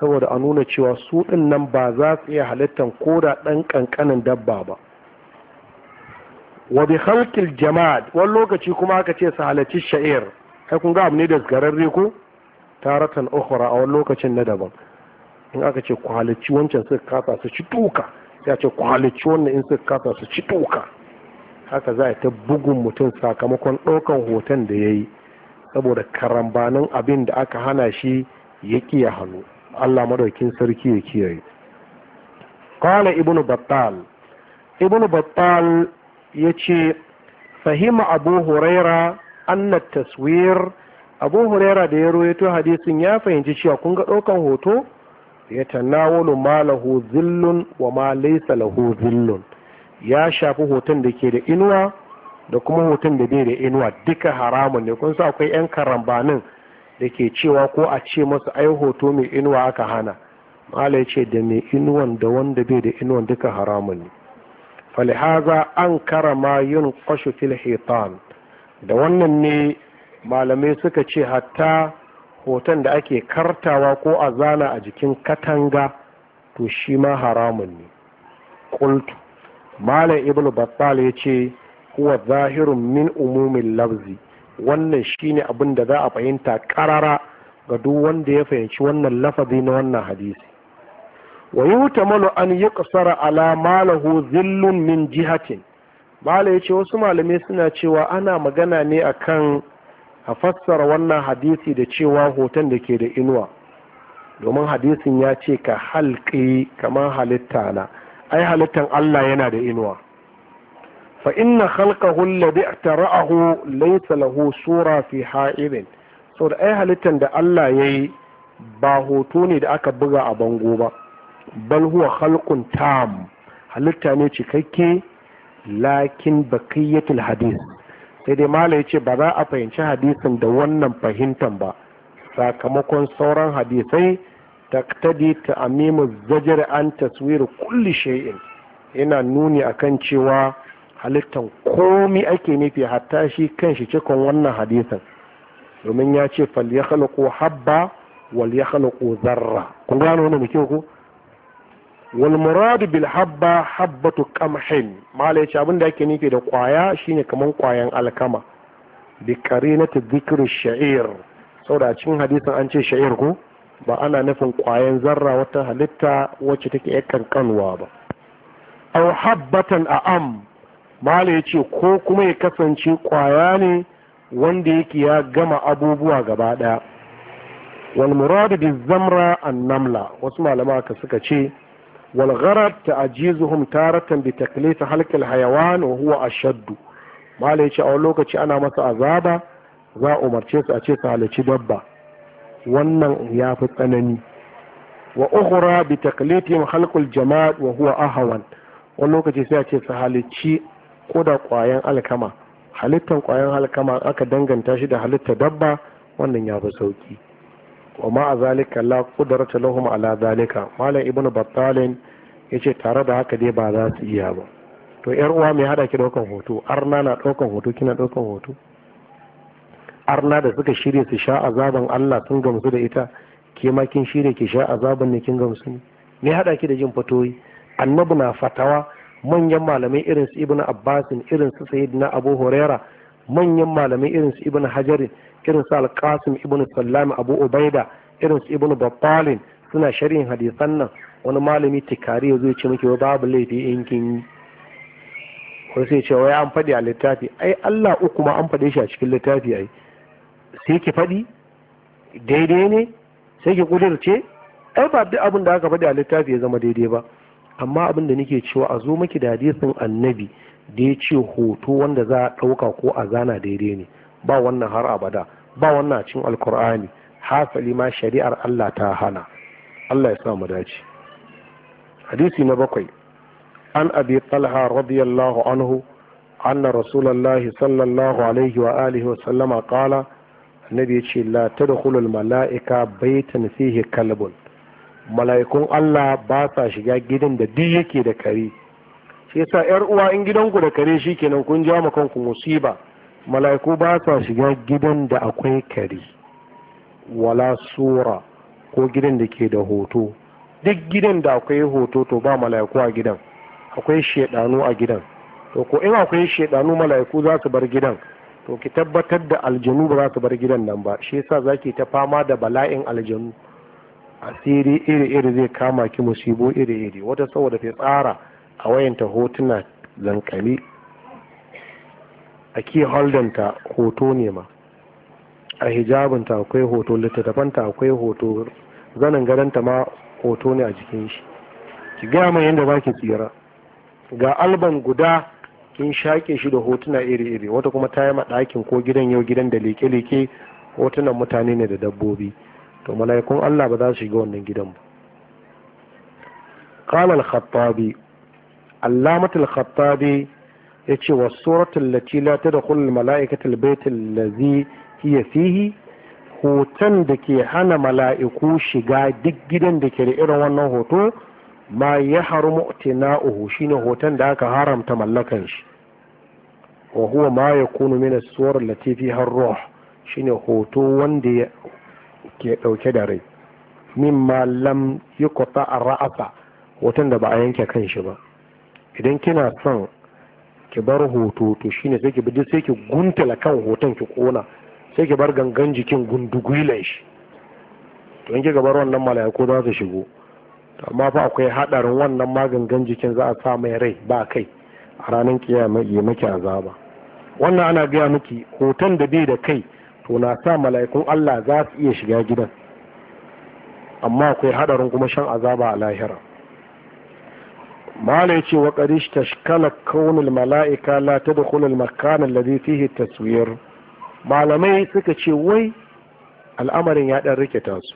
saboda a nuna cewa su ɗin nan ba za su iya halittar koda ɗan ƙanƙanin dabba ba wa bi halkil jama'ad wani lokaci kuma aka ce su halarci sha'ir kai kun ga ne da zgararre ko taratan ukhra a wani lokacin na daban in aka ce ku halarci wancan su kasa su ci tuka ya ce ku halarci wannan in su kasa su ci tuka haka za a ta bugun mutum sakamakon ɗaukan hoton da ya yi saboda karambanin abin da aka hana shi ya ƙiya hannu Allah madaukin sarki ya kiyaye qala ibnu battal ibnu battal yace fahima abu huraira anna taswir abu huraira da ya ruwaito hadisin ya fahimci cewa kun ga ɗaukan hoto ya tanawulu ma lahu zillun wa ma laysa lahu zillun ya shafi hoton da ke da inuwa da kuma hoton da bai da inuwa duka haramun ne kun sa akwai yan karambanin da ke cewa ko a ce masu ai hoto mai inuwa aka hana mala ya ce da mai inuwan da wanda bai da inuwan duka haramun ne falihaza an kara ma yin kwashe fil da wannan ne malamai suka ce hatta hoton da ake kartawa ko a zana a jikin katanga to shi ma haramun ne kultu malam ibn battal ya ce huwa zahirun min umumin labzi wannan shine abin da za a fahimta karara ga duk wanda ya fahimci wannan lafazi na wannan hadisi wa yutamalu an yuqsara ala malahu zillun min jihatin mala yace wasu malamai suna cewa ana magana ne akan a fassara wannan hadisi da cewa hoton da ke da inuwa domin hadisin ya ce ka halƙi kamar halitta na ai halittan Allah yana da inuwa fa inna khalqahu alladhi ihtara'ahu laysa lahu sura fi ha'ibin da ai halittar da Allah yayi ba hoto ne da aka buga a bango ba bal huwa khalqun tam halitta ne cikakke lakin baqiyatul hadith sai dai mala yace ce ba za a fahimci hadisin da wannan fahimtan ba sakamakon sauran hadisai taktadi ta amimu zajar an taswiri kulli shay'in yana nuni akan cewa halittan komi ake nufi hatta shi kanshi cikon wannan hadisin domin ya ce fal ya habba wal ya khalaqu zarra kun gano wani muke ku? wal muradu bil habba habbatu kamhin malai ce abinda ake nufi da kwaya shine kaman kwayan alkama bi qarinati dhikri sha'ir saboda cikin hadisin an ce sha'ir ko ba ana nufin kwayan zarra wata halitta wacce take yakan kanwa ba aw habbatan a'am mala ya ce ko kuma ya kasance kwaya ne wanda yake ya gama abubuwa gaba ɗaya wal muradu bi zamra an namla wasu malama ka suka ce wal ta ta'jizuhum taratan bi taklif halq hayawan wa huwa shaddu mala ya ce a wani lokaci ana masa azaba za a umarce su a ce su halici dabba wannan ya fi tsanani wa ukhra bi taklifihim halq jama'a wa huwa ahwan wani lokaci sai a ce su halici ko da alkama halittar kwayan alkama aka danganta shi da halittar dabba wannan ya fi sauki wa ma a zalika la qudrata lahum ala zalika malam ibnu battalin yace tare da haka dai ba za su iya ba to yar uwa mai hada ki daukan hoto arna na daukan hoto kina daukan hoto arna da suka shirya su sha azaban Allah sun gamsu da ita ke ma kin shirya ki sha azaban ne kin gamsu ne me hada ki da jin fatoyi annabi na fatawa manyan malamai irin su ibnu abbasin irin su sayyidina abu huraira manyan malamai irin su ibnu hajar irin su alqasim ibnu sallam abu ubaida irin su ibnu battalin suna sharhin hadisan nan wani malami tikari ya zo ce miki babu laifi in kin yi sai ce wai an fadi a littafi ai Allah uku ma an fade shi a cikin littafi ai sai ki fadi, daidai ne sai ki kudirce ai ba duk abin da aka fadi a littafi ya zama daidai ba amma abin da nake cewa a zo maki da hadisin annabi da ya ce hoto wanda za a ɗauka ko a zana daidai ne ba wannan har abada ba wannan cin alkur'ani hasali ma shari'ar Allah ta hana Allah ya sa mu dace hadisi na bakwai an abi talha radiyallahu anhu anna rasulullahi sallallahu alaihi wa alihi wa sallama qala annabi ya ce la tadkhulul mala'ika baytan fihi kalbun mala'ikun Allah ba sa shiga gidan da duk yake da kare shi yasa yar uwa in gidanku da kare shikenan kun ja ma kanku musiba mala'iku ba sa shiga gidan da akwai kare wala sura ko gidan da ke da hoto duk gidan da akwai hoto to ba mala'iku a gidan akwai shedanu a gidan to ko in akwai shedanu mala'iku za su bar gidan to ki tabbatar da aljanu ba za su bar gidan nan ba shi yasa zaki ta fama da bala'in aljanu asiri iri-iri zai kama ki musibo iri-iri wata saboda ta tsara a wayanta hotuna zankali a ke holdanta hoto ne ma a hijabinta akwai hoto littattafanta akwai hoto zanen gadonta ma hoto ne a jikin shi ki gaya mai yadda za ki tsira ga alban guda kin shaƙe shi da hotuna iri-iri wata kuma ta yi ɗakin ko gidan yau gidan da leke-leke hotunan mutane ne da dabbobi to mala'ikun Allah ba za su shiga wannan gidan ba qala al-khattabi allamat al-khattabi yace wa suratul lati la tadkhul mala'ikatu al-bayt allazi hiya fihi hoton da ke hana mala'iku shiga duk gidan da ke da irin wannan hoto ma ya harumu tina'uhu shine hoton da aka haramta mallakan shi wa huwa ma yakunu min as-suwar lati fiha ar-ruh shine hoto wanda ke ɗauke da rai min lam yi kwata a ra'asa hoton da ba a yanke kan shi ba idan kina son ki bar hoto to shine sai ki bi sai ki guntula kan hoton ki kona sai ki bar gangan jikin gundugulan shi to in kika bar wannan ko za su shigo amma fa akwai hadarin wannan magangan jikin za a sa mai rai ba kai a ranar kiyama yi maki azaba wannan ana gaya miki hoton da bai da kai to na sa mala'ikun Allah za su iya shiga gidan amma akwai hadarin kuma shan azaba a lahira mala ce wa ta shkala kaunul mala'ika la da al makan alladhi fihi taswir malamai suka ce wai al'amarin ya ɗan rike su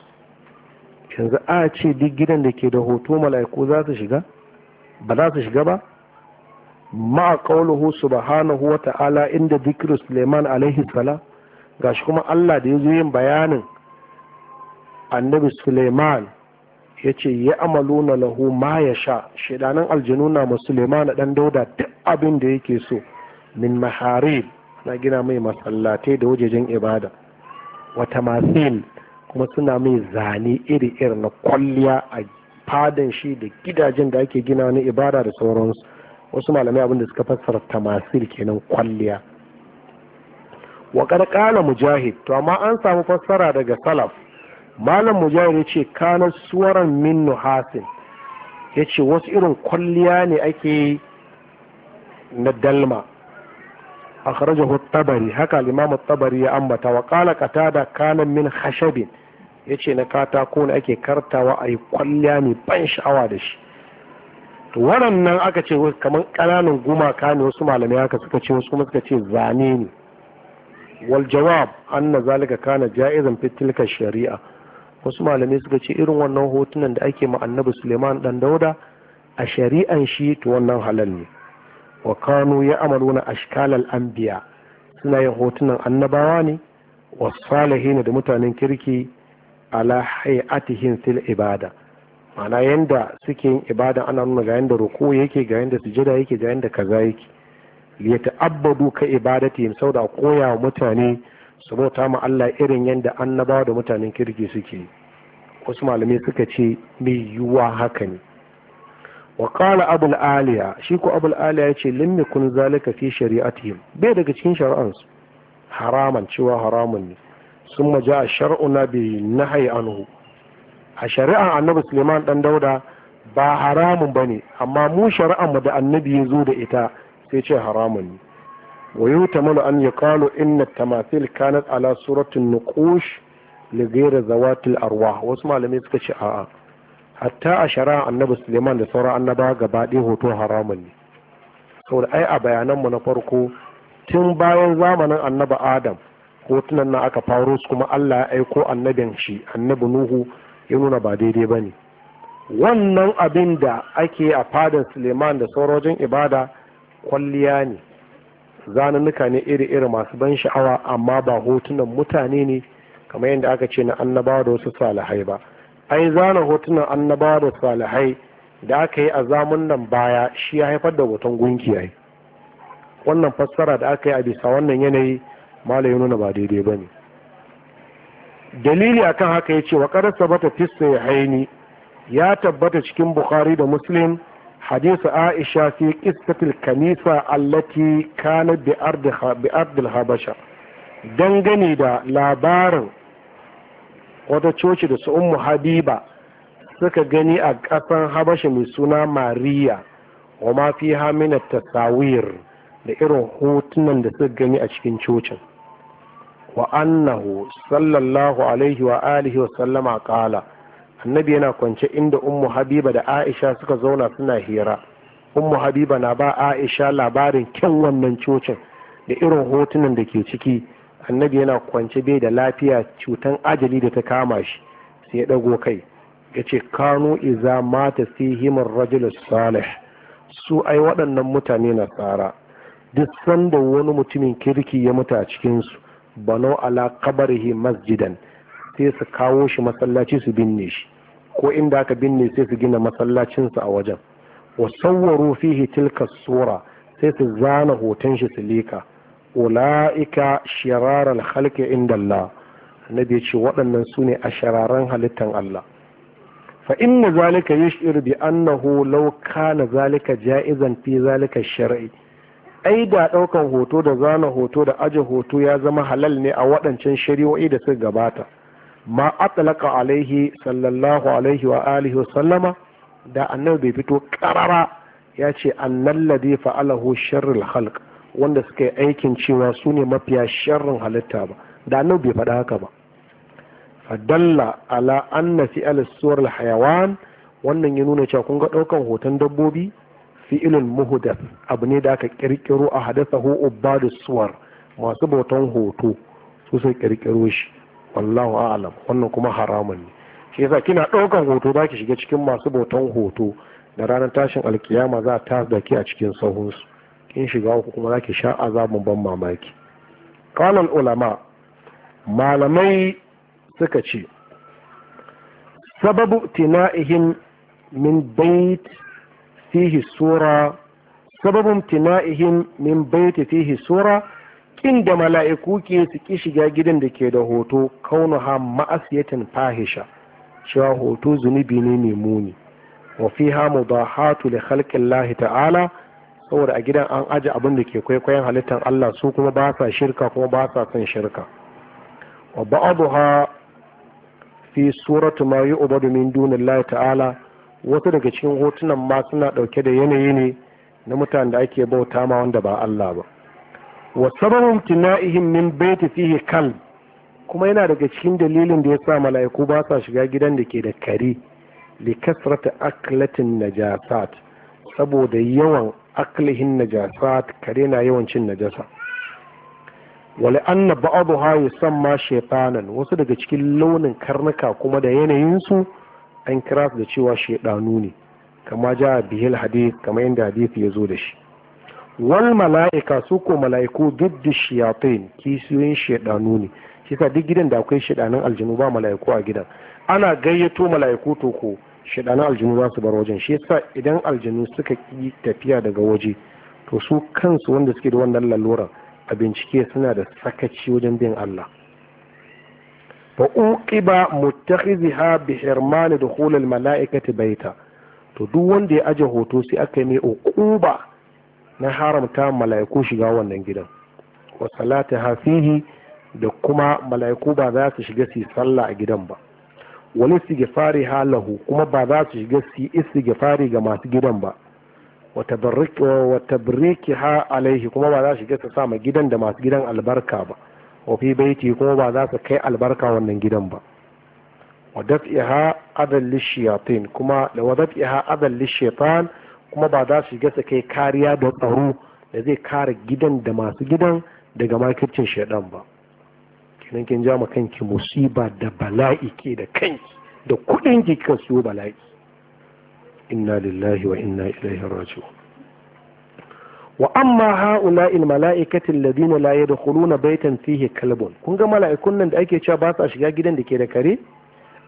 yanzu a ce duk gidan da ke da hoto mala'iku za su shiga ba za su shiga ba ma'a kauluhu subhanahu wa ta'ala inda dhikru Suleiman alaihi salam gashi kuma Allah da ya zo yin bayanin annabi Suleiman ya ce ya na lahu ma ya sha shaidanin aljinu na Suleiman ɗan dauda duk abin da yake so min maharib na gina mai masallatai da wajejen ibada wata masil kuma suna mai zane iri iri na kwalliya a fadan shi da gidajen da ake gina wani ibada da sauransu wasu malamai abin da suka fassara tamasil kenan kwalliya wa ƙarƙala mujahid to amma an samu fassara daga salaf malam mujahid ya ce suwaran min nuhasin ya ce wasu irin kwalliya ne ake na dalma a kharajahu tabari haka limamu tabari ya ambata wa ƙala da kanan min hashabin ya ce na katako ne ake kartawa a yi kwalliya mai ban sha'awa da shi to waɗannan aka ce kamar ƙananan gumaka ne wasu malamai haka suka ce wasu kuma suka ce zane ne والجواب Annazalika ذلك كان kana ja'izan تلك shari'a wasu malamai suka ce irin wannan hotunan da ake ma annabi suleiman dan dauda a shari'an shi to wannan halal ne wa kanu ya ashikalar ashkalal anbiya suna yin hotunan annabawa ne wa na da mutanen kirki ala hay'atihim fil ibada ma'ana yanda suke yin ibada ana nuna ga yanda ruku yake ga yanda sujada yake ga yanda kaza yake liyata abbadu ka ibadatihim sauda koya wa mutane su bauta ma Allah irin yadda annabawa da mutanen kirki suke wasu malamai suka ce mai yiwuwa haka ne wa qala abul aliya shi ko abul aliya yace limmi kun zalika fi shari'atihim bai daga cikin shari'ansu haraman cewa haramun ne sun maja a shar'una bi nahyi anhu a shari'ar annabi suleiman dan dauda ba haramun bane amma mu shari'ar mu da annabi ya zo da ita sai ce haramun ne wa mana an kano inna tamasil kanat ala suratun nuqush li zawatil arwa wasu malamai suka ce a'a hatta a shara'a annabi suleiman da sauran annaba gaba ɗin hoto haramun ne saboda ai a bayananmu na farko tun bayan zamanin annabi adam hotunan na aka faro su kuma allah ya aiko annabin shi annabi nuhu ya nuna ba daidai ba ne wannan abin da ake a fadin suleiman da sauran wajen ibada kwalliya ne zanannuka ne iri-iri masu ban sha'awa amma ba hotunan mutane ne kamar yadda aka ce na annabawa da wasu salihai ba ai zana hotunan annabawa da salihai da aka yi a zamun nan baya shi ya haifar da hoton gunkiya wannan fassara da aka yi a bisa wannan yanayi mala ya nuna ba daidai ba ne dalili akan haka ya ce wa karasa bata fisa ya haini ya tabbata cikin bukhari da muslim hadisu aisha fi qissatil kanisa allati kanat bi ardi bi ardil habasha dangane da labarin wata coci da su ummu habiba suka gani a ƙasan habasha mai suna mariya wa ma fi hamina sawir, da irin hotunan da suka gani a cikin cocin wa annahu sallallahu alaihi wa wa sallama kala annabi yana kwance inda ummu habiba da aisha suka zauna suna hira ummu habiba na ba aisha labarin kyan wannan cocin da irin hotunan da ke ciki annabi yana kwance bai da lafiya cutan ajali da ta kama shi sai ya dago kai ya ce kanu iza mata fihimar rajulus salih su ai waɗannan mutane na tsara duk sanda wani mutumin kirki ya mutu a cikinsu bano ala kabarihi masjidan sai su kawo shi masallaci su binne shi ko inda aka binne sai su gina masallacinsu a wajen wa sawwaru fihi tilka sura sai su zana hoton shi su leka ula'ika shirarar halke inda Allah na bai ce waɗannan su ne a shararan halittan Allah fa inna zalika yushir bi annahu law kana zalika ja'izan fi zalika shar'i ai da ɗaukan hoto da zana hoto da aje hoto ya zama halal ne a waɗancan shari'o'i da suka gabata ma atlaka alaihi sallallahu alaihi wa alihi sallama da annabi bai fito karara ya ce annan ladi fa'alahu sharrul halk wanda suka aikin cewa su ne mafiya sharrin halitta ba da annabi bai faɗa haka ba fadalla ala anna fi'al suwar hayawan wannan ya nuna cewa kun ga ɗaukan hoton dabbobi fi'ilun muhdath abu ne da aka kirkiro a hadasa hu ubadu suwar masu bautan hoto su ƙirƙiro kirkiro shi wallahu a'lam wannan kuma haramun ne shi yasa kina ɗaukan hoto za ki shiga cikin masu bautan hoto da ranar tashin alkiyama za ta da ki a cikin sahunsu kin shiga uku kuma za ki sha azabin ban mamaki kalan ulama malamai suka ce sababu tina'ihim min bait fihi sura sababu tina'ihim min bait fihi sura inda mala'iku ke su ki shiga gidan da ke da hoto ha ma'asiyatin fahisha cewa hoto zunubi ne mai muni wa fi fiha mudahatu halkin lahi ta'ala saboda a gidan an aji abin da ke kwaikwayon halittar Allah su kuma ba sa shirka kuma ba sa son shirka wa ha fi suratu ma yi domin min lahi ta'ala wasu daga cikin hotunan ma suna dauke da yanayi ne na mutanen da ake bauta ma wanda ba Allah ba wa sababu tina'ihim min baiti fihi kalb kuma yana daga cikin dalilin da ya sa mala'iku ba sa shiga gidan da ke da kare li kasrata aklatin najasat saboda yawan aklihin najasat kare na yawan cin najasa wale anna ba'daha yusamma shaytanan wasu daga cikin launin karnuka kuma da yanayin su an kira su da cewa shaydanu ne kama ja bihil hadith kamar yadda hadith ya zo da shi wal mala'ika su ko mala'iku duk da shiyatin kisiyoyin shaidanu ne shi ka duk gidan da akwai shaidanun aljinu ba mala'iku a gidan ana gayyato mala'iku to ko shaidanun aljinu za su bar wajen shi yasa idan aljinu suka yi tafiya daga waje to su kansu wanda suke da wannan laluran a bincike suna da sakaci wajen bin Allah fa uqiba muttakhidha bi hirman dukhul al mala'ikati baita to duk wanda ya aje hoto sai aka yi mai uquba na haramta mala'iku shiga wannan gidan wa salata hafihi da kuma mala'iku ba za su shiga su sallah a gidan ba wani istighfari halahu kuma ba za su shiga su istighfari ga masu gidan ba wa tabriki ha alaihi kuma ba za su shiga su ma gidan da masu gidan albarka ba wa fi baiti kuma ba za su kai albarka wannan gidan ba wa daf'iha adal lishayatin kuma da wa daf'iha adal kuma ba za su shiga su kai kariya da tsaro da zai kare gidan da masu gidan daga makircin shaidan ba kinan kin ja ma kanki musiba da bala'i ke da kanki da kudin ki kika siyo bala'i inna lillahi wa inna ilaihi raji'un wa amma ha'ula'il mala'ikati alladhina la yadkhuluna baytan fihi kalbun kun ga mala'ikun nan da ake cewa ba sa shiga gidan da ke da kare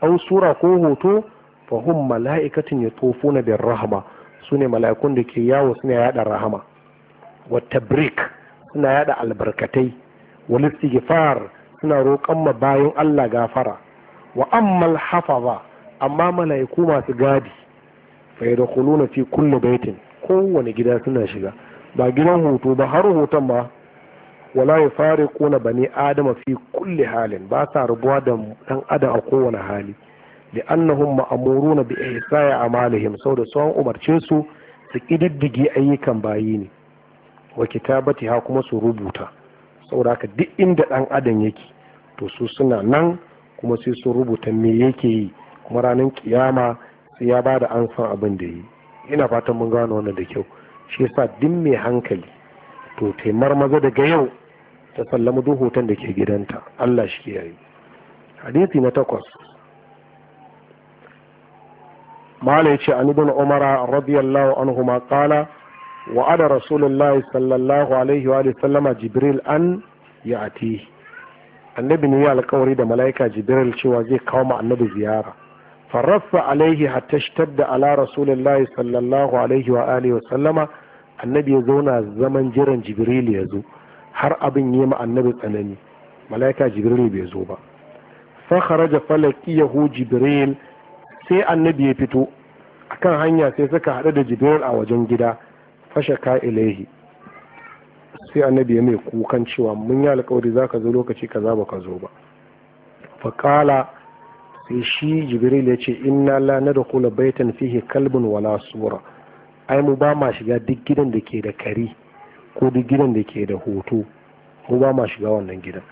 aw sura ko hoto fa hum mala'ikatun yatufuna bir rahma su ne mala'ikun da ke yawo suna yada rahama wata tabrik suna yada albarkatai wa istighfar suna roƙon ma bayan Allah gafara wa ammal hafaza amma mala'iku masu gadi fa yadkhuluna fi kulli baitin kowane gida suna shiga ba gidan hoto ba har hoton ma wala ya kona bani adama fi kulli halin ba sa rubuwa da ɗan adam a kowane hali da annahum ma'amuruna bi ihsaya amalihim sau da sun umarce su su kididdige ayyukan bayi ne wa kitabati ha kuma su rubuta saboda haka duk inda dan adam yake to su suna nan kuma sai sun rubuta me yake yi kuma ranar kiyama sai ya ba da an san abin da yi ina fatan mun gano wannan da kyau shi yasa duk mai hankali to taimar maza daga yau ta sallama duk hoton da ke gidanta Allah shi ke yi. hadisi na takwas mala yace an ibn umar radiyallahu anhuma qala wa ada rasulullah sallallahu alaihi wa sallama jibril an ya'ti annabi ne ya alkawari da malaika jibril cewa zai kawo ma annabi ziyara faraffa alaihi hatta shtadda ala rasulullah sallallahu alaihi wa alihi wa sallama annabi ya zauna zaman jiran jibril ya zo har abin yi ma annabi tsanani malaika jibril bai zo ba fa kharaja falaqiyahu jibril sai annabi ya fito kan hanya sai suka haɗu da jibril a wajen gida ka ilaihi sai annabi ya mai kukan cewa mun yi alkawari za ka zo lokaci kaza ba ka zo ba faƙala sai shi jibril ya ce in na lana da kula baitan fihe kalbin wala sura ai mu ba ma shiga duk gidan da ke da kari ko duk gidan da ke da hoto mu ba ma shiga wannan gidan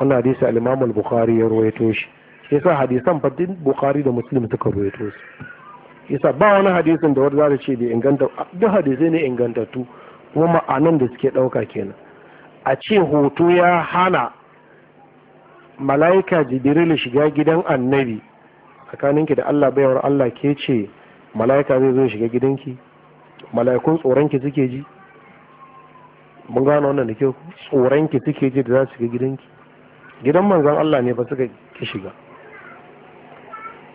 wannan hadisi al-imam ya rawaito shi yasa hadisan fadin bukhari da muslim suka rawaito su yasa ba wani hadisin da wani za ce bai inganta duk hadisai ne ingantattu kuma ma'anan da suke ɗauka kenan a ce hoto ya hana mala'ika jibril shiga gidan annabi ki da allah bayawar allah ke ce mala'ika zai zo shiga gidanki mala'ikun tsoronki suke ji mun gano wannan da ke tsoronki suke ji da za su shiga gidanki gidan manzon allah ne fa suka ki shiga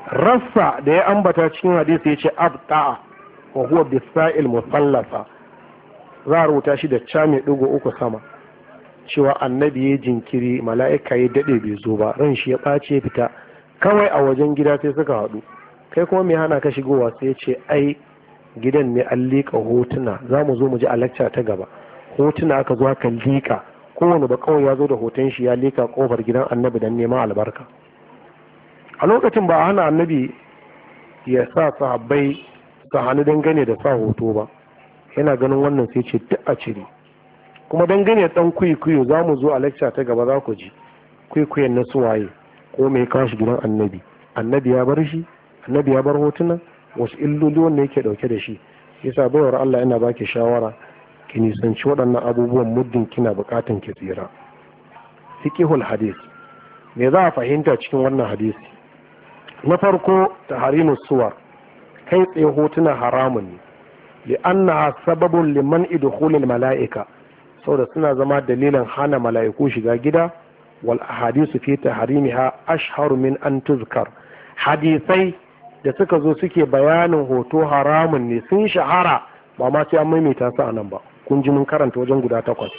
rassa da ya ambata cikin hadisi ya ce abta wa huwa bisail musallasa za a rubuta shi da ca mai digo uku sama cewa annabi ya jinkiri mala'ika ya daɗe bai zo ba ran shi ya ɓace ya fita kawai a wajen gida sai suka haɗu kai kuma mai hana ka shigowa sai ce ai gidan ne an liƙa hotuna za mu zo mu ji a lakca ta gaba hotuna aka zo aka liƙa kowane ba kawai ya zo da hoton shi ya liƙa ƙofar gidan annabi don neman albarka a lokacin ba a hana annabi ya sa sahabbai ga hannu dangane da sa hoto ba yana ganin wannan sai ce duk a cire kuma dangane ɗan kwikwiyo za mu zo a lecture ta gaba za ku ji kwaikwayon na suwaye ko mai kashi gidan annabi annabi ya bar shi annabi ya bar hotuna wasu illoli wanda yake dauke da shi yasa bayar Allah yana baki shawara ki nisanci waɗannan abubuwan muddin kina bukatan ki tsira Sikihul hadis me za a fahimta cikin wannan hadisi na farko taharimin suwar kai tsaye hotuna haramun ne li'annaha sababun liman idkhulil mala'ika saboda suna zama dalilin hana mala'iku shiga gida wal ahadisu fi taharimiha ashharu min an tuzkar hadisai da suka zo suke bayanin hoto haramun ne sun shahara ba ma sai an maimaita su a nan ba kun ji mun karanta wajen guda takwas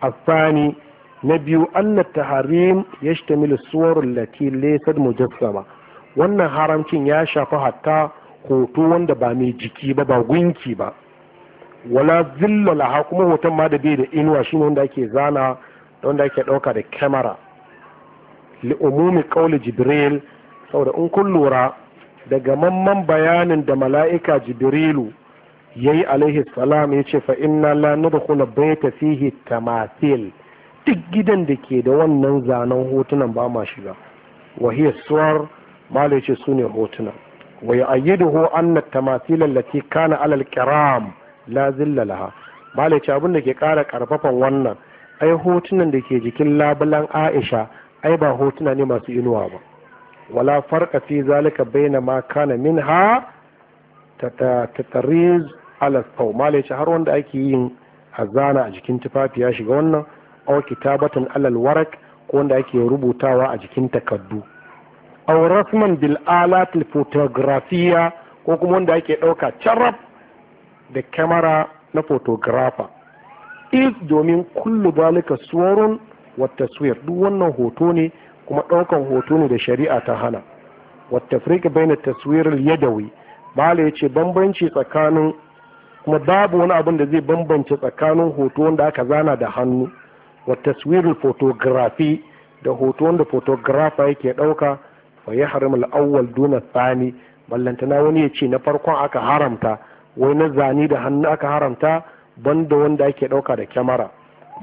A asani na biyu anna taharim yashtamilu suwarul lati laysat mujassama wannan haramcin ya shafi hatta hoto wanda ba mai jiki ba ba gunki ba wala zilla laha kuma hoton ma da bai da inuwa shine wanda ake zana wanda ake ɗauka da kyamara li'umumi kauli jibril saboda in kun lura daga mamman bayanin da mala'ika jibrilu yayi alaihi salam ce fa inna la nadkhulu bayta fihi tamathil duk gidan da ke da wannan zanen hotunan ba ma shiga wahiyar suwar malai ce su ne hotuna waya an anna tamathil allati kana alal kiram la zilla laha malai ce abin da ke kara karfafan wannan ai hotunan da ke jikin labulan Aisha ai ba hotuna ne masu inuwa ba wala farka fi zalika baina ma kana minha tatariz ala sau malai ce har wanda ake yin hazana a jikin tufafi ya shiga wannan au kitabatan alal warak ko wanda ake rubutawa a jikin takaddu Aurasman bilalat bil fotografiya ko kuma wanda ake ɗauka carab da kamera na fotografa is domin kullu zalika suwarun wa taswir duk wannan hoto ne kuma ɗaukan hoto ne da shari'a ta hana wa tafriq baina taswir yadawi bala yace bambanci tsakanin kuma babu wani abin da zai bambance tsakanin hoto wanda aka zana da hannu wa taswirul fotografi da hoto wanda fotografa yake ɗauka fa ya haramul awwal duna tsani ballantana wani ya ce na farkon aka haramta wai na zani da hannu aka haramta banda wanda ake ɗauka da kyamara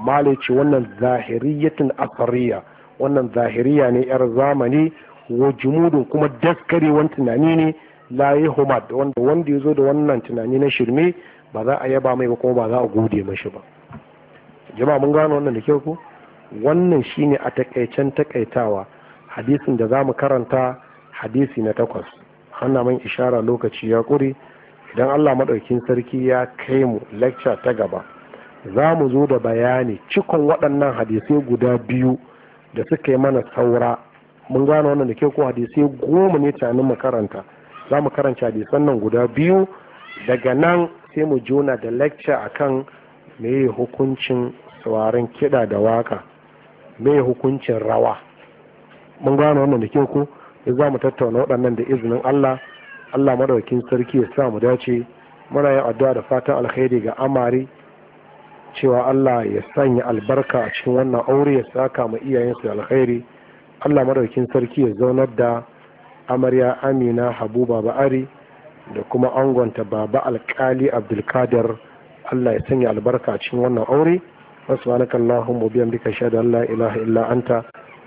malai ce wannan zahiriyatin asariya wannan zahiriya ne yar zamani wa jumudun kuma daskarewan tunani ne la humad wanda wanda ya zo da wannan tunani na shirme ba za a yaba mai ba kuma ba za a gode mashi ba jama'a mun gano wannan da kyau ko wannan shine a takaicen takaitawa hadisin da za mu karanta hadisi na takwas hana man ishara lokaci ya ƙuri idan allah maɗaukin sarki ya kai mu lecture ta gaba za mu zo da bayani cikon waɗannan hadisai guda biyu da suka yi mana saura mun gano wannan da ke ko hadisai goma ne tunanin mu karanta za mu karanta hadisan nan guda biyu daga nan sai mu jona da lecture akan me hukuncin saurin kiɗa da waka me hukuncin rawa mun gane wannan da kyau ko ya za mu tattauna waɗannan da izinin Allah Allah madaukakin sarki ya sa mu dace muna yin addu'a da fatan alkhairi ga amari cewa Allah ya sanya albarka a cikin wannan aure ya saka mu iyayensu alkhairi Allah madaukakin sarki ya zaunar da amarya Amina Habuba Ba'ari da kuma angonta Baba Alkali Abdulkadir Allah ya sanya albarka a cikin wannan aure wasu subhanakallahumma wa bika shaidu Allah ilaha illa anta